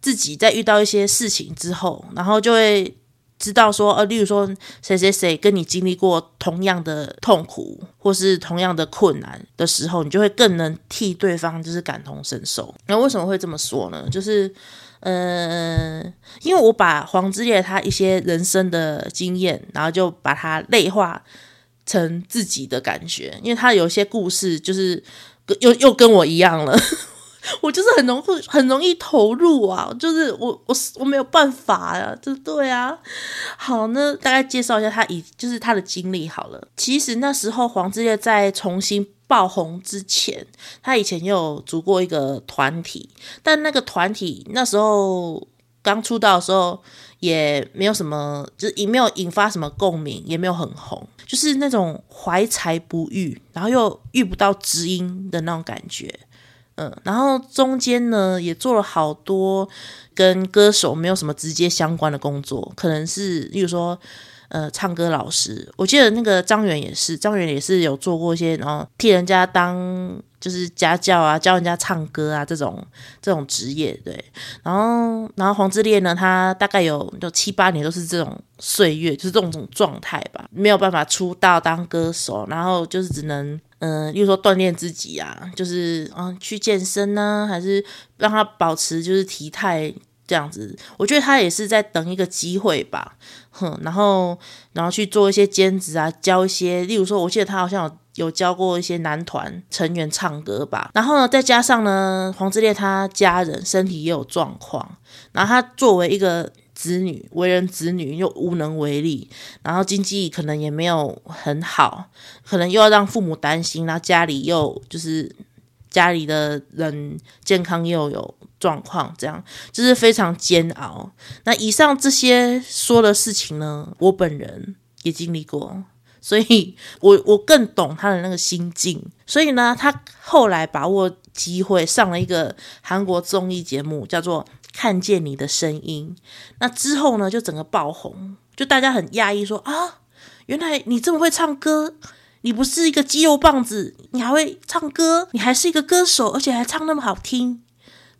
自己在遇到一些事情之後，然後就會。知道說呃，例如說誰誰誰跟你經歷過同樣的痛苦或是同樣的困難的時候，你就會更能替對方就是感同身受。那為什麼會這麼說呢？就是呃，因為我把黃之烈他一些人生的經驗，然後就把它內化成自己的感覺，因為他有一些故事就是又又跟我一樣了。我就是很容易很容易投入啊，就是我我我沒有辦法呀、啊，就對啊。好呢，大概介紹一下他以就是他的經歷好了。其實那時候黃致列在重新爆紅之前，他以前也有組過一個團體，但那個團體那時候剛出道的時候也沒有什麼，就是也沒有引發什麼共鳴，也沒有很紅，就是那種懷才不遇，然後又遇不到知音的那種感覺。嗯，然後中間呢，也做了好多跟歌手沒有什麼直接相關的工作，可能是，例如說，呃，唱歌老師。我記得那個張遠也是，張遠也是有做過一些，然後替人家當就是家教啊，教人家唱歌啊這種這種職業。對，然後然後黃致列呢，他大概有有七八年都是這種歲月，就是這種種狀態吧，沒有辦法出道當歌手，然後就是只能。嗯、呃，例如說鍛鍊自己啊，就是嗯、啊、去健身呢、啊，還是讓他保持就是體態這樣子。我覺得他也是在等一個機會吧，哼，然後然後去做一些兼職啊，教一些。例如說，我記得他好像有有教過一些男團成員唱歌吧。然後呢，再加上呢，黃致列他家人身體也有狀況，然後他作為一個。子女為人子女，又無能為力，然後經濟可能也沒有很好，可能又要讓父母擔心，然後家裡又就是家裡的人健康又有狀況，這樣就是非常煎熬。那以上這些說的事情呢，我本人也經歷過，所以我我更懂他的那個心境。所以呢，他後來把握機會上了一個韓國綜藝節目，叫做。看見你的聲音，那之後呢，就整個爆紅，就大家很訝異說啊，原來你這麼會唱歌，你不是一個肌肉棒子，你還會唱歌，你還是一個歌手，而且還唱那麼好聽，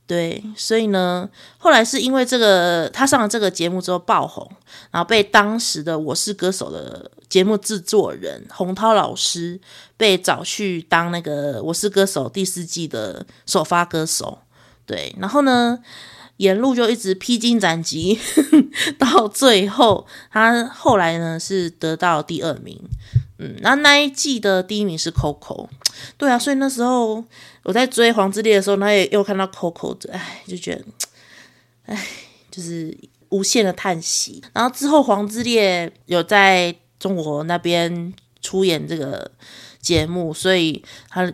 對，所以呢，後來是因為這個他上了這個節目之後爆紅，然後被當時的《我是歌手》的節目製作人洪濤老師被找去當那個《我是歌手》第四季的首發歌手，對，然後呢？沿路就一直披荊斬棘呵呵，到最後他後來呢是得到第二名，嗯，然後那一季的第一名是 Coco，對啊，所以那時候我在追黃致列的時候，那也又看到 Coco，哎，就覺得，哎，就是無限的嘆息。然後之後黃致列有在中國那邊出演這個節目，所以他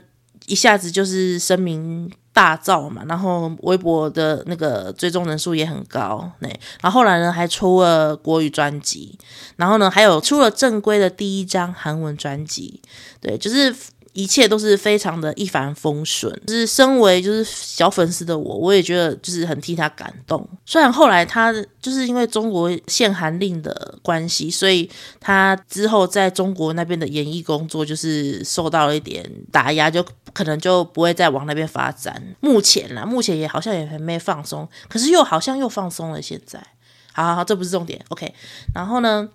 一下子就是聲名大噪嘛，然後微博的那個追蹤人數也很高，那然後後來呢還出了國語專輯，然後呢還有出了正規的第一張韓文專輯，對，就是。一切都是非常的一帆風順，就是身為就是小粉絲的我，我也覺得就是很替他感動。雖然後來他就是因為中國限韓令的關係，所以他之後在中國那邊的演藝工作就是受到了一點打壓，就可能就不會再往那邊發展。目前啦，目前也好像也還沒放鬆，可是又好像又放鬆了。現在，好好好，這不是重點，OK。然後呢？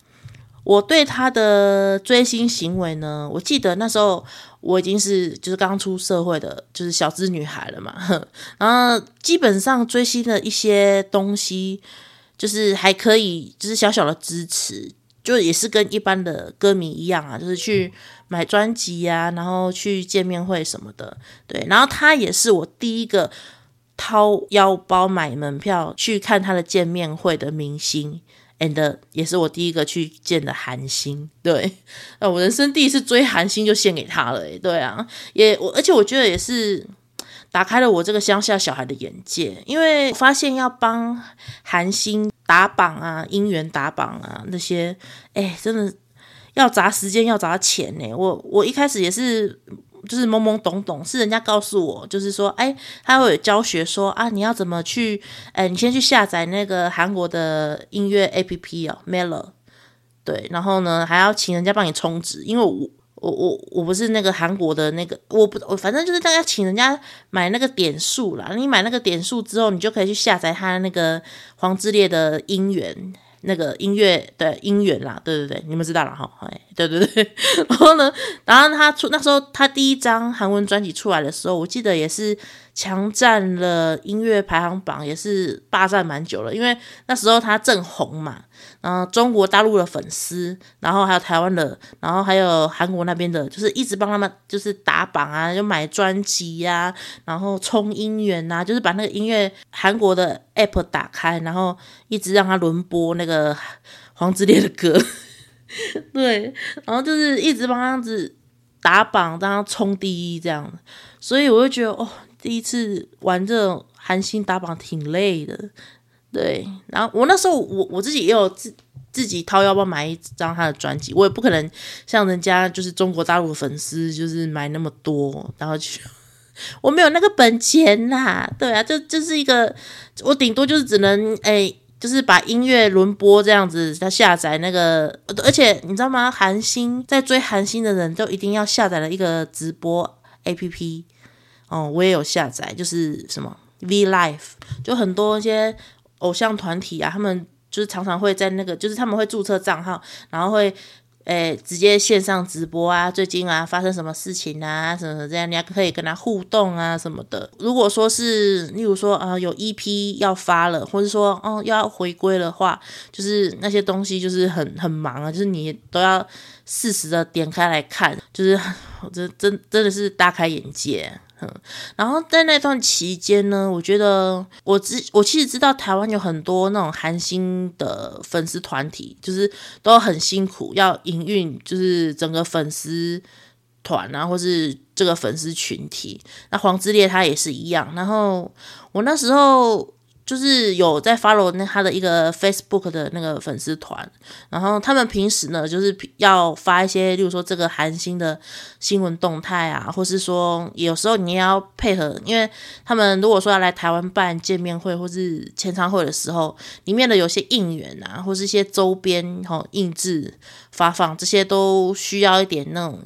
我對他的追星行為呢，我記得那時候我已經是就是剛出社會的，就是小資女孩了嘛。哼。然後基本上追星的一些東西，就是還可以，就是小小的支持，就也是跟一般的歌迷一樣啊，就是去買專輯啊，然後去見面會什麼的。對，然後他也是我第一個掏腰包買門票去看他的見面會的明星。and 也是我第一個去見的韓星，對， (laughs) 啊，我人生第一次追韓星就獻給他了。欸，對啊，也我而且我覺得也是打開了我這個鄉下小孩的眼界，因為我發現要幫韓星打榜啊、姻緣打榜啊那些，哎、欸，真的要砸時間，要砸錢呢、欸。我我一開始也是。就是懵懵懂懂，是人家告訴我，就是說，哎，他會有教學說啊，你要怎麼去，哎，你先去下載那個韓國的音樂 APP 哦 Mello 對，然後呢，還要請人家幫你充值，因為我，我，我，我不是那個韓國的那個，我不，我反正就是大概請人家買那個點數啦，你買那個點數之後，你就可以去下載他那個黃致列的音源。那個音樂的音源啦，對對對，你們知道了哈，對對對，然後呢，然後他出那時候他第一張韓文專輯出來的時候，我記得也是強佔了音樂排行榜，也是霸佔蠻久了，因為那時候他正紅嘛。嗯、呃，中國大陸的粉絲，然後還有台灣的，然後還有韓國那邊的，就是一直幫他們就是打榜啊，就買專輯啊，然後衝音源呐、啊，就是把那個音樂韓國的 app 打開，然後一直讓他輪播那個黃致列的歌， (laughs) 對，然後就是一直幫他們打榜，讓他衝第一這樣。所以我就覺得，哦，第一次玩這種韓星打榜挺累的。對，然後我那時候我我自己也有自自己掏腰包買一張他的專輯，我也不可能像人家就是中國大陸的粉絲，就是買那麼多，然後去我沒有那個本錢啦。對啊，就就是一個我頂多就是只能誒、欸，就是把音樂輪播這樣子，要下載那個，而且你知道嗎？韓星在追韓星的人都一定要下載了一個直播 A P P、嗯、哦，我也有下載，就是什麼 V Live 就很多一些。偶像團體啊，他們就是常常會在那個，就是他們會注冊賬號，然後會誒、欸、直接線上直播啊。最近啊，發生什麼事情啊，什麼,什麼這樣，你還可以跟他互動啊什麼的。如果說是，例如說啊、呃，有 EP 要發了，或者說哦、呃、又要回歸的話，就是那些東西就是很很忙啊，就是你都要適時的點開來看，就是我覺得真真真的是大開眼界。嗯，然後在那段期間呢，我覺得我知我其實知道台灣有很多那種韓星的粉絲團體，就是都很辛苦要營運，就是整個粉絲團啊，或是這個粉絲群體。那黃致列他也是一樣。然後我那時候。就是有在 follow 那他的一個 Facebook 的那個粉絲團，然後他們平時呢就是要發一些，例如說這個韓星的新聞動態啊，或是說有時候你也要配合，因為他們如果說要來台灣辦見面會或是簽唱會的時候，裡面的有些應援啊，或是一些周邊吼、哦、印制發放這些都需要一點那種。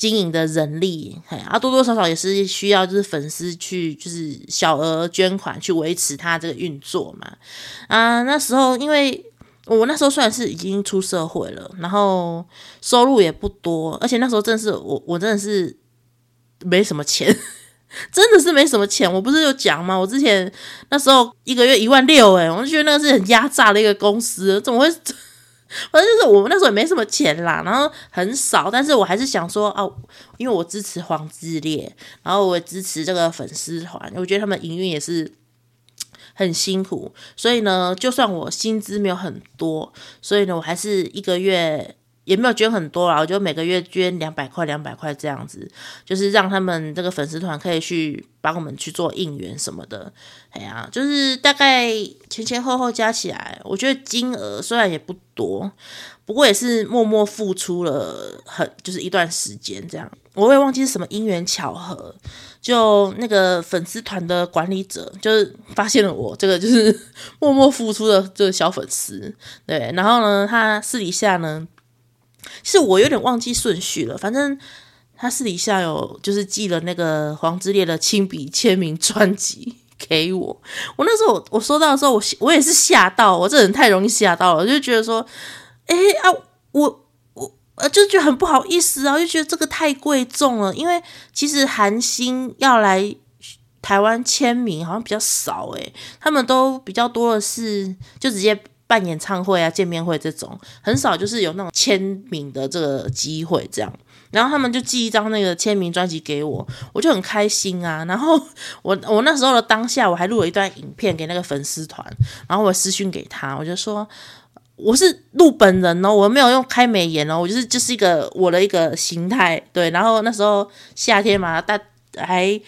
經營的人力，哎，啊，多多少少也是需要，就是粉絲去，就是小額捐款去維持他這個運作嘛。啊，那時候因為我那時候算是已經出社會了，然後收入也不多，而且那時候正是我，我真的是沒什麼錢， (laughs) 真的是沒什麼錢。我不是有講嗎？我之前那時候一個月一萬六，哎，我就覺得那個是很壓榨的一個公司，怎麼會？反正就是我們那時候也沒什麼錢啦，然後很少，但是我還是想說啊，因為我支持黃致列，然後我支持這個粉絲團，我覺得他們營運也是很辛苦，所以呢，就算我薪資沒有很多，所以呢，我還是一個月。也沒有捐很多啊，我就每個月捐兩百塊、兩百塊這樣子，就是讓他們這個粉絲團可以去幫我們去做應援什麼的。哎呀、啊，就是大概前前後後加起來，我覺得金額雖然也不多，不過也是默默付出了很就是一段時間這樣。我也忘記是什麼因緣巧合，就那個粉絲團的管理者就是發現了我這個就是 (laughs) 默默付出的這個小粉絲，對，然後呢，他私底下呢。是我有點忘記順序了，反正他私底下有就是寄了那個黃致列的親筆簽名專輯給我，我那時候我收到的時候我我也是嚇到，我這人太容易嚇到了，我就覺得說，哎啊我我呃就覺得很不好意思啊，就覺得這個太貴重了，因為其實韓星要來台灣簽名好像比較少，欸，誒，他們都比較多的是就直接。辦演唱會啊，見面會這種很少，就是有那種簽名的這個機會這樣。然後他們就寄一張那個簽名專輯給我，我就很開心啊。然後我我那時候的當下，我還錄了一段影片給那個粉絲團，然後我私訊給他，我就說我是錄本人哦，我沒有用開美顏哦，我就是就是一個我的一個形態對。然後那時候夏天嘛，大還。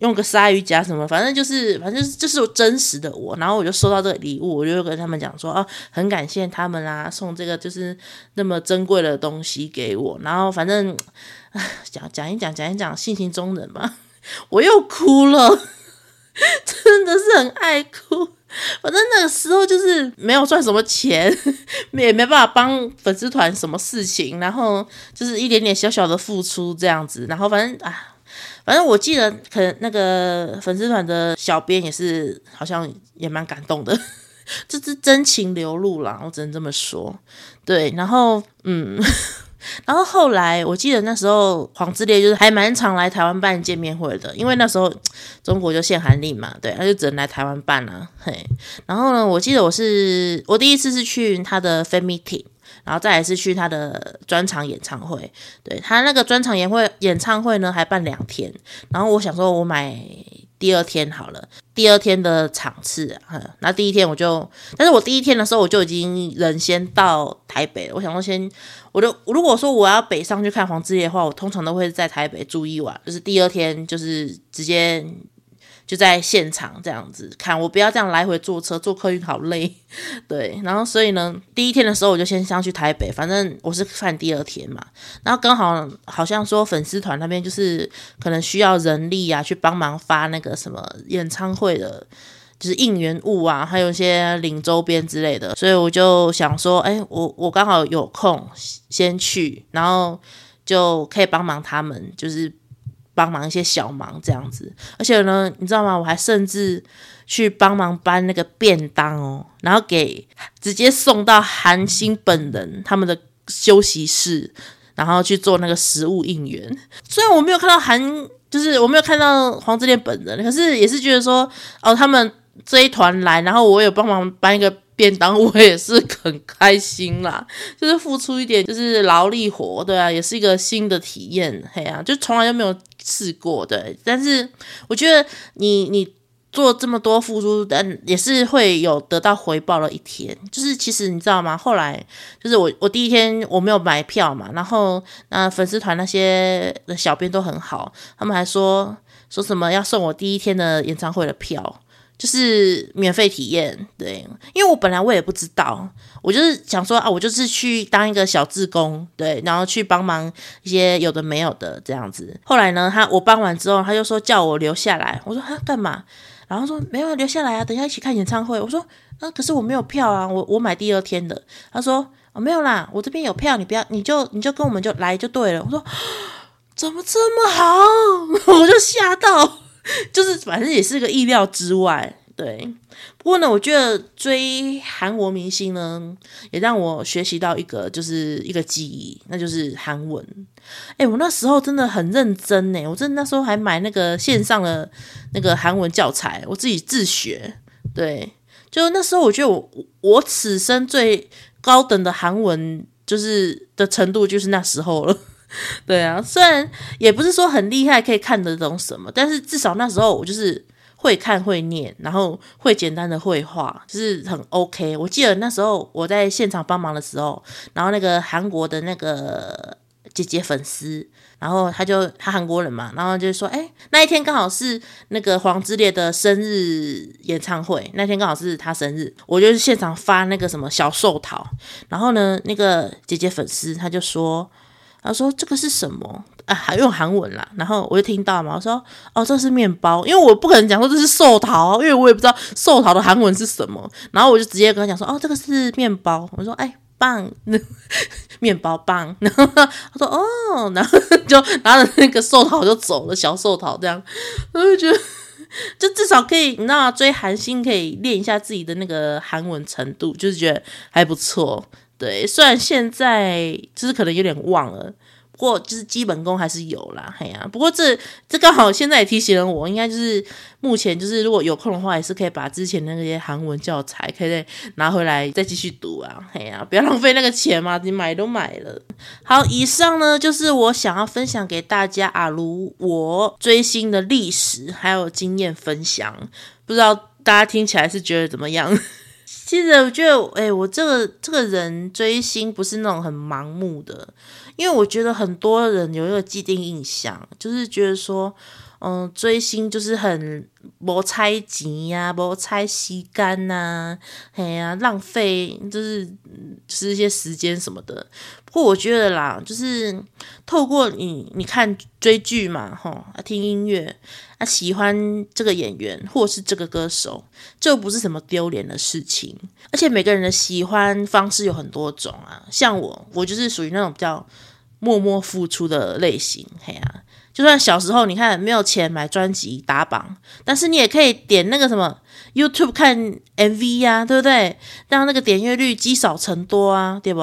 用個鯊魚夾什麼，反正就是，反正、就是、就是真實的我。然後我就收到這個禮物，我就跟他們講說，啊，很感謝他們啊，送這個就是那麼珍貴的東西給我。然後反正，唉，講講一講講一講，性情中人嘛，我又哭了，真的是很愛哭。反正那個時候就是沒有賺什麼錢，也沒辦法幫粉絲團什麼事情，然後就是一點點小小的付出這樣子。然後反正啊。反正我記得，可能那個粉絲團的小編也是，好像也蠻感動的，這 (laughs) 是真情流露啦，我只能這麼說。對，然後嗯， (laughs) 然後後來我記得那時候黃致列就是還蠻常來台灣辦見面會的，因為那時候中國就限韓令嘛，對，他就只能來台灣辦了，啊。嘿，然後呢，我記得我是我第一次是去他的 fan meeting。然後再來是去他的專場演唱會。對，他那個專場演會演唱會呢，還辦兩天。然後我想說，我買第二天好了，第二天的場次啊。那第一天我就，但是我第一天的時候，我就已經人先到台北了。我想說先，先我就我如果說我要北上去看黃致列的話，我通常都會在台北住一晚，就是第二天就是直接。就在現場這樣子看，我不要這樣來回坐車，坐客運好累。對，然後所以呢，第一天的時候我就先上去台北，反正我是看第二天嘛。然後剛好好像說粉絲團那邊就是可能需要人力啊，去幫忙發那個什麼演唱會的，就是應援物啊，還有一些領周邊之類的。所以我就想說，哎、欸，我我剛好有空先去，然後就可以幫忙他們，就是。幫忙一些小忙這樣子，而且呢，你知道嗎？我還甚至去幫忙搬那個便當哦，然後給直接送到韓星本人他們的休息室，然後去做那個食物應援。雖然我沒有看到韓，就是我沒有看到黃致列本人，可是也是覺得說，哦，他們這一團來，然後我有幫忙搬一個。便當我也是很開心啦，就是付出一點就是勞力活，對啊，也是一個新的體驗，嘿啊，就從來都沒有試過的。對，但是我覺得你你做這麼多付出，但也是會有得到回報的一天。就是其實你知道嗎？後來就是我我第一天我沒有買票嘛，然後那粉絲團那些的小編都很好，他們還說說什麼要送我第一天的演唱會的票。就是免費體驗，對，因為我本來我也不知道，我就是想說啊，我就是去當一個小志工，對，然後去幫忙一些有的沒有的這樣子。後來呢，他我幫完之後，他就說叫我留下來，我說啊，幹嘛？然後他說沒有留下來啊，等一下一起看演唱會。我說啊，可是我沒有票啊，我我買第二天的。他說啊沒有啦，我這邊有票，你不要，你就你就跟我們就來就對了。我說怎麼這麼好？我就嚇到。就是反正也是個意料之外，對。不過呢，我覺得追韓國明星呢，也讓我學習到一個，就是一個技藝，那就是韓文。誒，我那時候真的很認真呢，我真的那時候還買那個線上的那個韓文教材，我自己自學。對，就那時候我覺得我我此生最高等的韓文就是的程度就是那時候了。 (laughs) 對啊，雖然也不是說很厲害，可以看得懂什麼，但是至少那時候我就是會看會念，然後會簡單的繪畫，就是很 OK。我記得那時候我在現場幫忙的時候，然後那個韓國的那個姐姐粉絲，然後他就他韓國人嘛，然後就說：“誒、欸，那一天剛好是那個黃致列的生日演唱會，那天剛好是他生日，我就是現場發那個什麼小壽桃。”然後呢，那個姐姐粉絲他就說。他說：“這個是什麼？”啊，還用韓文啦。然後我就聽到嘛，我說：“哦，這是麵包。”因為我不可能講說這是壽桃，因為我也不知道壽桃的韓文是什麼。然後我就直接跟他講說：“哦，這個是麵包。”我說：“哎，棒， (laughs) 那麵包棒。”然後他說：“哦。”然後就拿着那個壽桃就走了，小壽桃這樣。我就覺得，就至少可以，你知道追韓星可以練一下自己的那個韓文程度，就是覺得還不錯。對，雖然現在就是可能有點忘了，不過就是基本功還是有啦。嘿呀、啊，不過這這剛好現在也提醒了我，應該就是目前就是如果有空的話，也是可以把之前那些韓文教材可以再拿回來再繼續讀啊。嘿呀、啊，不要浪費那個錢嘛、啊，你買都買了。好，以上呢就是我想要分享給大家啊，阿茹我追星的歷史還有經驗分享，不知道大家聽起來是覺得怎麼樣？其實我覺得，哎，我這個這個人追星不是那種很盲目的，因為我覺得很多人有一個既定印象，就是覺得說。嗯，追星就是很無彩錢呀，無彩時間吶，嘿呀、啊，浪費就是嗯，就是一些時間什麼的。不過我覺得啦，就是透過你你看追劇嘛，吼，聽音樂啊，喜歡這個演員或者是這個歌手，這又不是什麼丟臉的事情。而且每個人的喜歡方式有很多種啊，像我，我就是屬於那種比較默默付出的類型，嘿呀、啊。就算小時候你看沒有錢買專輯打榜，但是你也可以點那個什麼 YouTube 看 MV 呀、啊，對不對？讓那個點閱率積少成多啊，對不？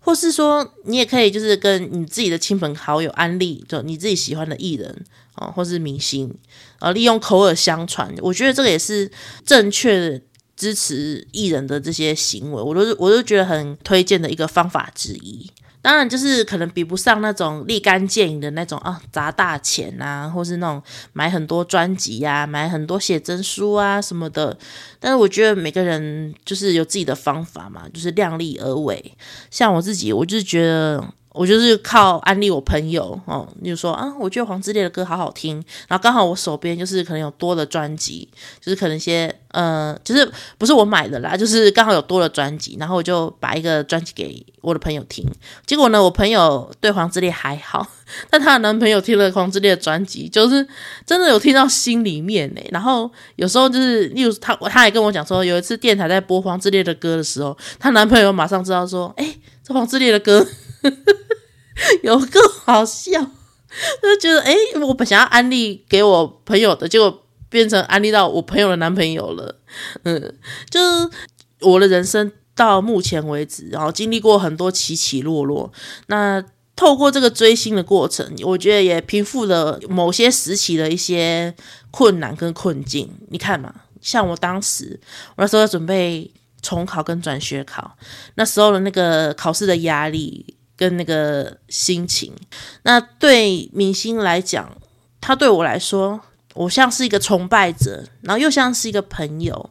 或是說你也可以就是跟你自己的親朋好友安利，就你自己喜歡的藝人哦，或是明星啊，然後利用口耳相傳，我覺得這個也是正確的支持藝人的這些行為，我都我都覺得很推薦的一個方法之一。當然，就是可能比不上那種立竿見影的那種啊，砸大錢啊，或是那種買很多專輯呀、啊，買很多寫真書啊什麼的。但是我覺得每個人就是有自己的方法嘛，就是量力而為。像我自己，我就是覺得我就是靠安利我朋友哦，就是、說啊，我覺得黃致列的歌好好聽，然後剛好我手邊就是可能有多的專輯，就是可能一些。呃，就是不是我買的啦，就是剛好有多了專輯，然後我就把一個專輯給我的朋友聽。結果呢，我朋友對黃致列還好，但她的男朋友聽了黃致列的專輯，就是真的有聽到心裡面呢、欸。然後有時候就是，例如她，她還跟我講說，有一次電台在播黃致列的歌的時候，她男朋友馬上知道說，哎、欸，這黃致列的歌呵呵呵， (laughs) 有夠好笑。就是、覺得，哎、欸，我本想要安利給我朋友的，結果。變成安利到我朋友的男朋友了，嗯，就是我的人生到目前為止，然後經歷過很多起起落落。那透過這個追星的過程，我覺得也平復了某些時期的一些困難跟困境。你看嘛，像我當時，我那時候要準備重考跟轉學考，那時候的那個考試的壓力跟那個心情，那對明星來講，他對我來說。我像是一個崇拜者，然後又像是一個朋友。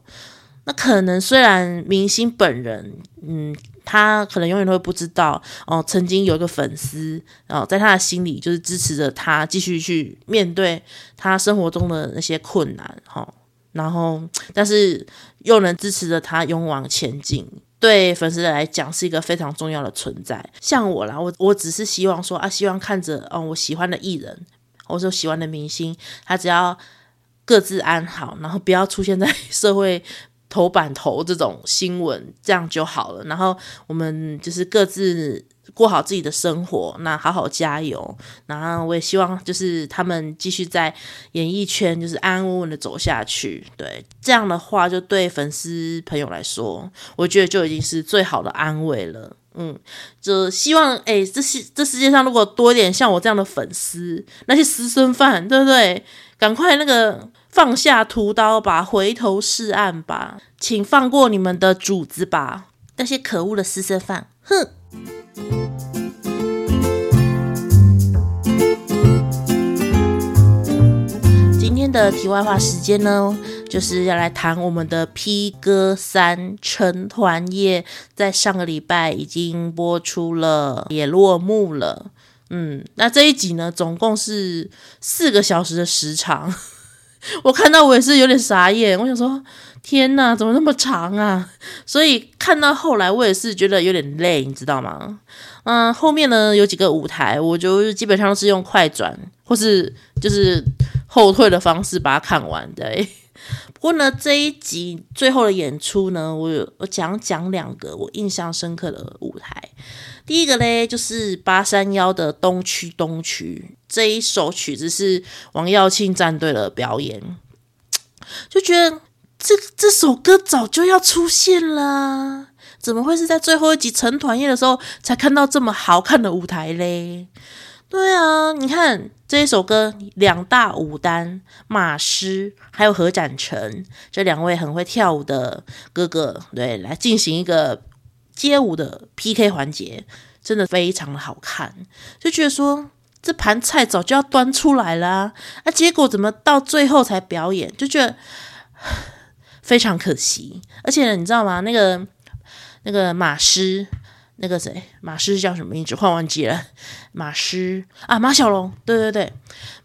那可能雖然明星本人，嗯，他可能永遠都會不知道，哦，曾經有一個粉絲，然後在他的心裡就是支持着他繼續去面對他生活中的那些困難，哈、哦。然後，但是又能支持着他勇往前進，對粉絲來講是一個非常重要的存在。像我啦，我我只是希望說啊，希望看着哦，我喜歡的藝人。我說喜歡的明星，他只要各自安好，然後不要出現在社會頭版頭這種新聞，這樣就好了。然後我們就是各自過好自己的生活，那好好加油。然後我也希望就是他們繼續在演藝圈就是安安穩穩的走下去。對，這樣的話就對粉絲朋友來說，我覺得就已經是最好的安慰了。嗯，就希望哎、欸，這世這世界上如果多一點像我這樣的粉絲，那些私生飯，對不對？趕快那個放下屠刀吧，回頭是岸吧，請放過你們的主子吧，那些可惡的私生飯！哼。今天的題外話時間呢，就是要來談我們的披哥三成團夜，在上個禮拜已經播出了，也落幕了。嗯，那這一集呢，總共是四個小時的時長， (laughs) 我看到我也是有點傻眼，我想說，天哪，怎麼那麼長啊？所以看到後來，我也是覺得有點累，你知道嗎？嗯、呃，後面呢有幾個舞台，我就基本上是用快轉或是就是後退的方式把它看完，對。不過呢，這一集最後的演出呢，我有我講講兩個我印象深刻的舞台。第一個嘞，就是八三夭的《東區東區》，這一首曲子是王耀慶戰隊的表演，就覺得這這首歌早就要出現啦！怎麼會是在最後一集成團夜的時候才看到這麼好看的舞台嘞？對啊，你看這一首歌，兩大舞擔馬思還有何展成這兩位很會跳舞的哥哥，對，來進行一個街舞的 PK 環節，真的非常的好看，就覺得說這盤菜早就要端出來啦。啊，結果怎麼到最後才表演，就覺得非常可惜，而且你知道嗎？那個那個馬思。那個誰，馬師叫什麼名字？一直換完機了，馬師啊，馬小龍，對對對，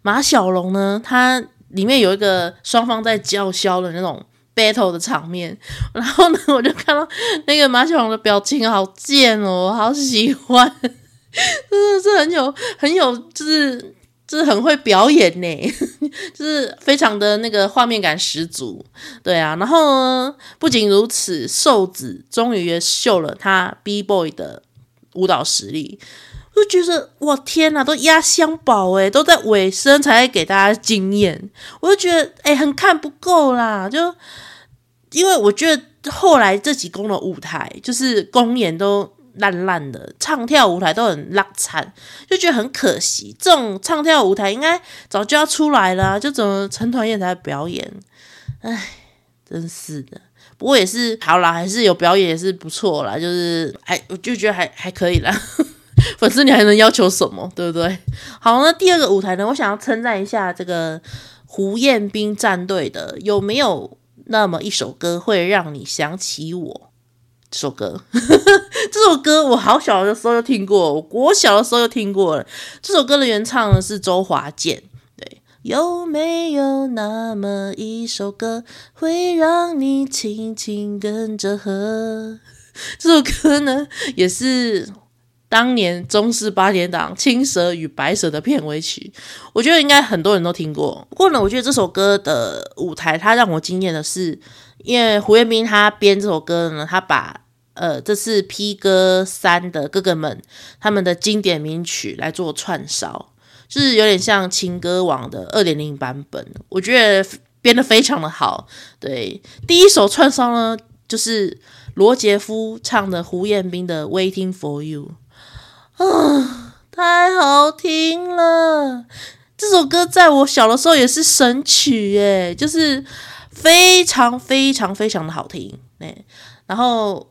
馬小龍呢？他裡面有一個雙方在叫囂的那種 battle 的場面，然後呢，我就看到那個馬小龍的表情好賤哦，我好喜歡， (laughs) 真的是很有很有，就是。是很會表演呢， (laughs) 就是非常的那個畫面感十足，對啊。然後呢，不僅如此，瘦子終於也秀了他 B boy 的舞蹈實力，我就覺得哇天吶，都壓箱寶誒，都在尾聲才給大家驚艷，我就覺得誒、欸，很看不夠啦。就因為我覺得後來這幾公的舞台，就是公演都。爛爛的唱跳舞台都很爛慘，就覺得很可惜。這種唱跳舞台應該早就要出來了啊，就怎麼成團也才表演？哎，真是的。不過也是好啦，還是有表演也是不錯啦。就是還我就覺得還還可以啦。粉 (laughs) 絲你還能要求什麼？對不對？好，那第二個舞台呢？我想要稱讚一下這個胡彥斌戰隊的，有沒有那麼一首歌會讓你想起我？這首歌。 (laughs) 這首歌我好小的時候就聽過，我國小的時候就聽過了。這首歌的原唱呢是周華健，對。有沒有那麼一首歌會讓你輕輕跟着和？這首歌呢，也是當年中視八點檔《青蛇》與《白蛇》的片尾曲。我覺得應該很多人都聽過。不過呢，我覺得這首歌的舞台，它讓我驚艷的是，因為胡彥斌他編這首歌呢，他把。呃，這次披哥三的哥哥們他們的經典名曲來做串燒，就是有點像《情歌王》的二點零版本，我覺得編得非常的好。對，第一首串燒呢，就是羅杰夫唱的胡彥斌的《Waiting for You》，啊、呃，太好聽了！這首歌在我小的時候也是神曲耶、欸，就是非常非常非常的好聽。哎、欸，然後。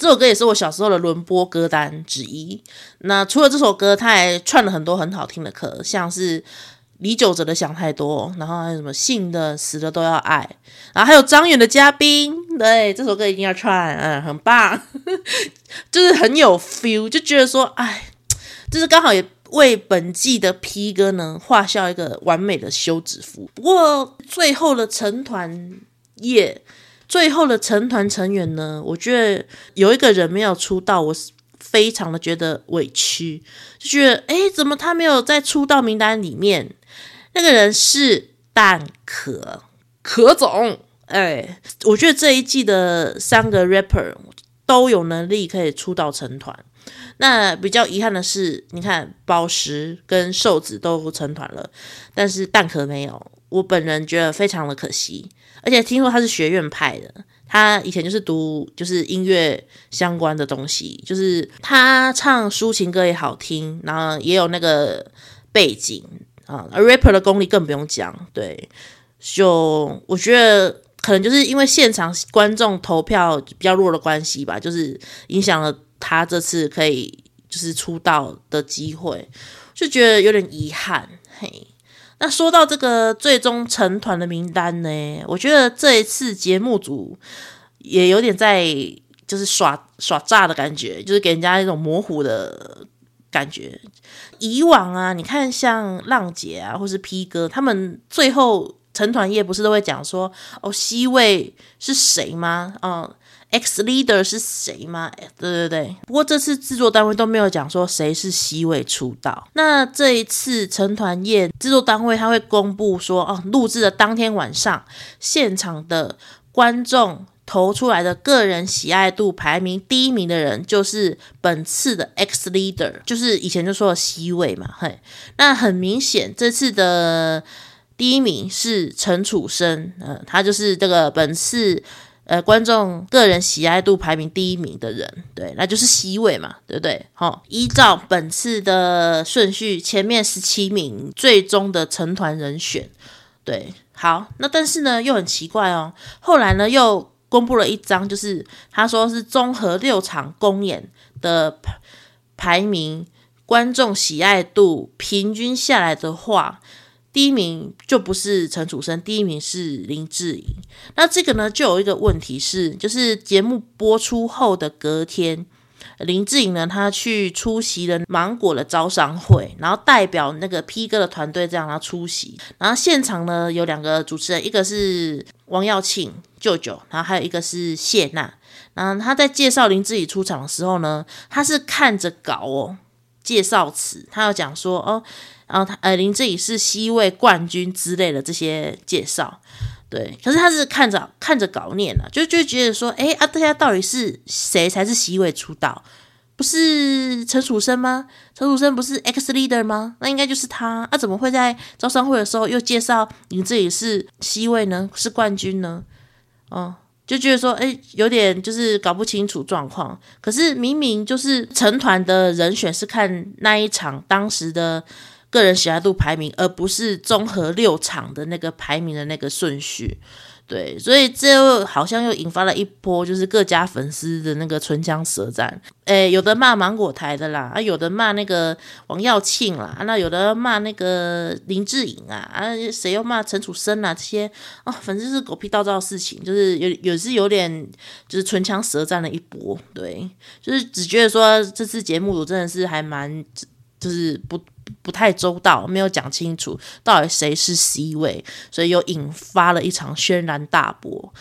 這首歌也是我小時候的輪播歌單之一。那除了這首歌，他還串了很多很好聽的歌，像是李玖哲的《想太多》，然後還有什麼信的《死了都要愛》，然後還有張遠的《嘉賓》。對，這首歌一定要串，嗯，很棒， (laughs) 就是很有 feel，就覺得說，哎，就是剛好也為本季的披哥能畫下一個完美的休止符。不過最後的成團夜。Yeah 最後的成團成員呢？我覺得有一個人沒有出道，我是非常的覺得委屈，就覺得誒、欸、怎麼他沒有在出道名單裡面？那個人是蛋殼，殼總。誒、欸，我覺得這一季的三個 rapper 都有能力可以出道成團。那比較遺憾的是，你看寶石跟瘦子都成團了，但是蛋殼沒有。我本人覺得非常的可惜。而且聽說他是學院派的，他以前就是讀就是音樂相關的東西，就是他唱抒情歌也好聽，然後也有那個背景啊，而 rapper 的功力更不用講，對，就我覺得可能就是因為現場觀眾投票比較弱的關係吧，就是影響了他這次可以就是出道的機會，就覺得有點遺憾，嘿。那說到這個最終成團的名單呢，我覺得這一次節目組也有點在就是耍耍詐的感覺，就是給人家一種模糊的感覺。以往啊，你看像浪姐啊，或是披哥，他們最後成團夜不是都會講說哦，C 位是誰嗎？啊、嗯。X leader 是誰嗎？欸？對對對，不過這次製作單位都沒有講說誰是 C 位出道。那這一次成團夜製作單位他會公布說，哦，錄製的當天晚上現場的觀眾投出來的個人喜愛度排名第一名的人，就是本次的 X leader，就是以前就說的 C 位嘛。嘿，那很明顯這次的第一名是陳楚生，嗯、呃，他就是這個本次。呃，觀眾個人喜愛度排名第一名的人，對，那就是 C 位嘛，對不對？好，哦，依照本次的順序，前面十七名最終的成團人選，對，好，那但是呢又很奇怪哦，後來呢又公布了一張，就是他說是綜合六場公演的排名，觀眾喜愛度平均下來的話，第一名就不是陳楚生，第一名是林志穎。那這個呢，就有一個問題是，就是節目播出後的隔天，林志穎呢，他去出席了芒果的招商會，然後代表那個 P 哥的團隊這樣他出席。然後現場呢有兩個主持人，一個是王耀慶舅舅，然後還有一個是謝娜。然後他在介紹林志穎出場的時候呢，他是看着稿哦。介紹詞，他有講說哦，然後他呃林志穎是 C 位冠軍之類的這些介紹，對，可是他是看着看着稿念了、啊，就就覺得說，誒、欸，啊大家到底是誰才是 C 位出道？不是陳楚生嗎？陳楚生不是 X Leader 嗎？那應該就是他，啊怎麼會在招商會的時候又介紹您這裡是 C 位呢？是冠軍呢？哦。就覺得說，哎、欸，有點就是搞不清楚狀況。可是明明就是成團的人選是看那一場當時的個人喜愛度排名，而不是綜合六場的那個排名的那個順序。對，所以這好像又引發了一波，就是各家粉絲的那個唇槍舌戰。誒，有的罵芒果台的啦，啊，有的罵那個王耀慶啦，啊、那有的罵那個林志穎啊，啊，誰又罵陳楚生啊？這些哦，反正是狗屁倒灶的事情，就是有，有是有點，就是唇槍舌戰的一波。對，就是只覺得說這次節目組真的是還蠻，就是不。不太周到，沒有講清楚到底誰是 C 位，所以又引發了一場軒然大波，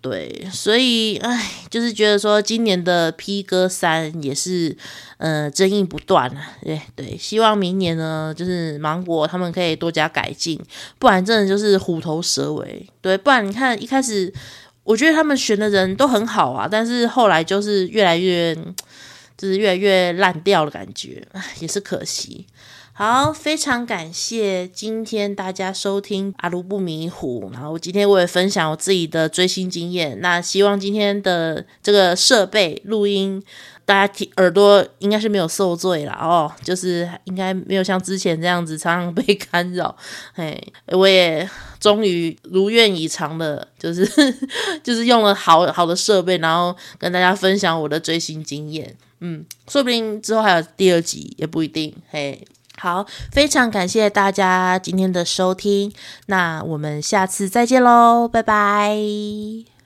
對，所以哎，就是覺得說今年的披哥三也是，呃，爭議不斷，對，對，希望明年呢，就是芒果他們可以多加改進，不然真的就是虎頭蛇尾，對，不然你看一開始我覺得他們選的人都很好啊，但是後來就是越來越，就是越來越爛掉的感覺，也是可惜。好，非常感謝今天大家收聽阿茹不迷糊。然後今天我也分享我自己的追星經驗。那希望今天的這個設備錄音，大家聽耳朵應該是沒有受罪了哦。就是應該沒有像之前這樣子常常被干擾。嘿，我也終於如願以償的，就是 (laughs) 就是用了好好的設備，然後跟大家分享我的追星經驗。嗯，說不定之後還有第二集也不一定。嘿。好，非常感謝大家今天的收聽，那我們下次再見嘍，拜拜！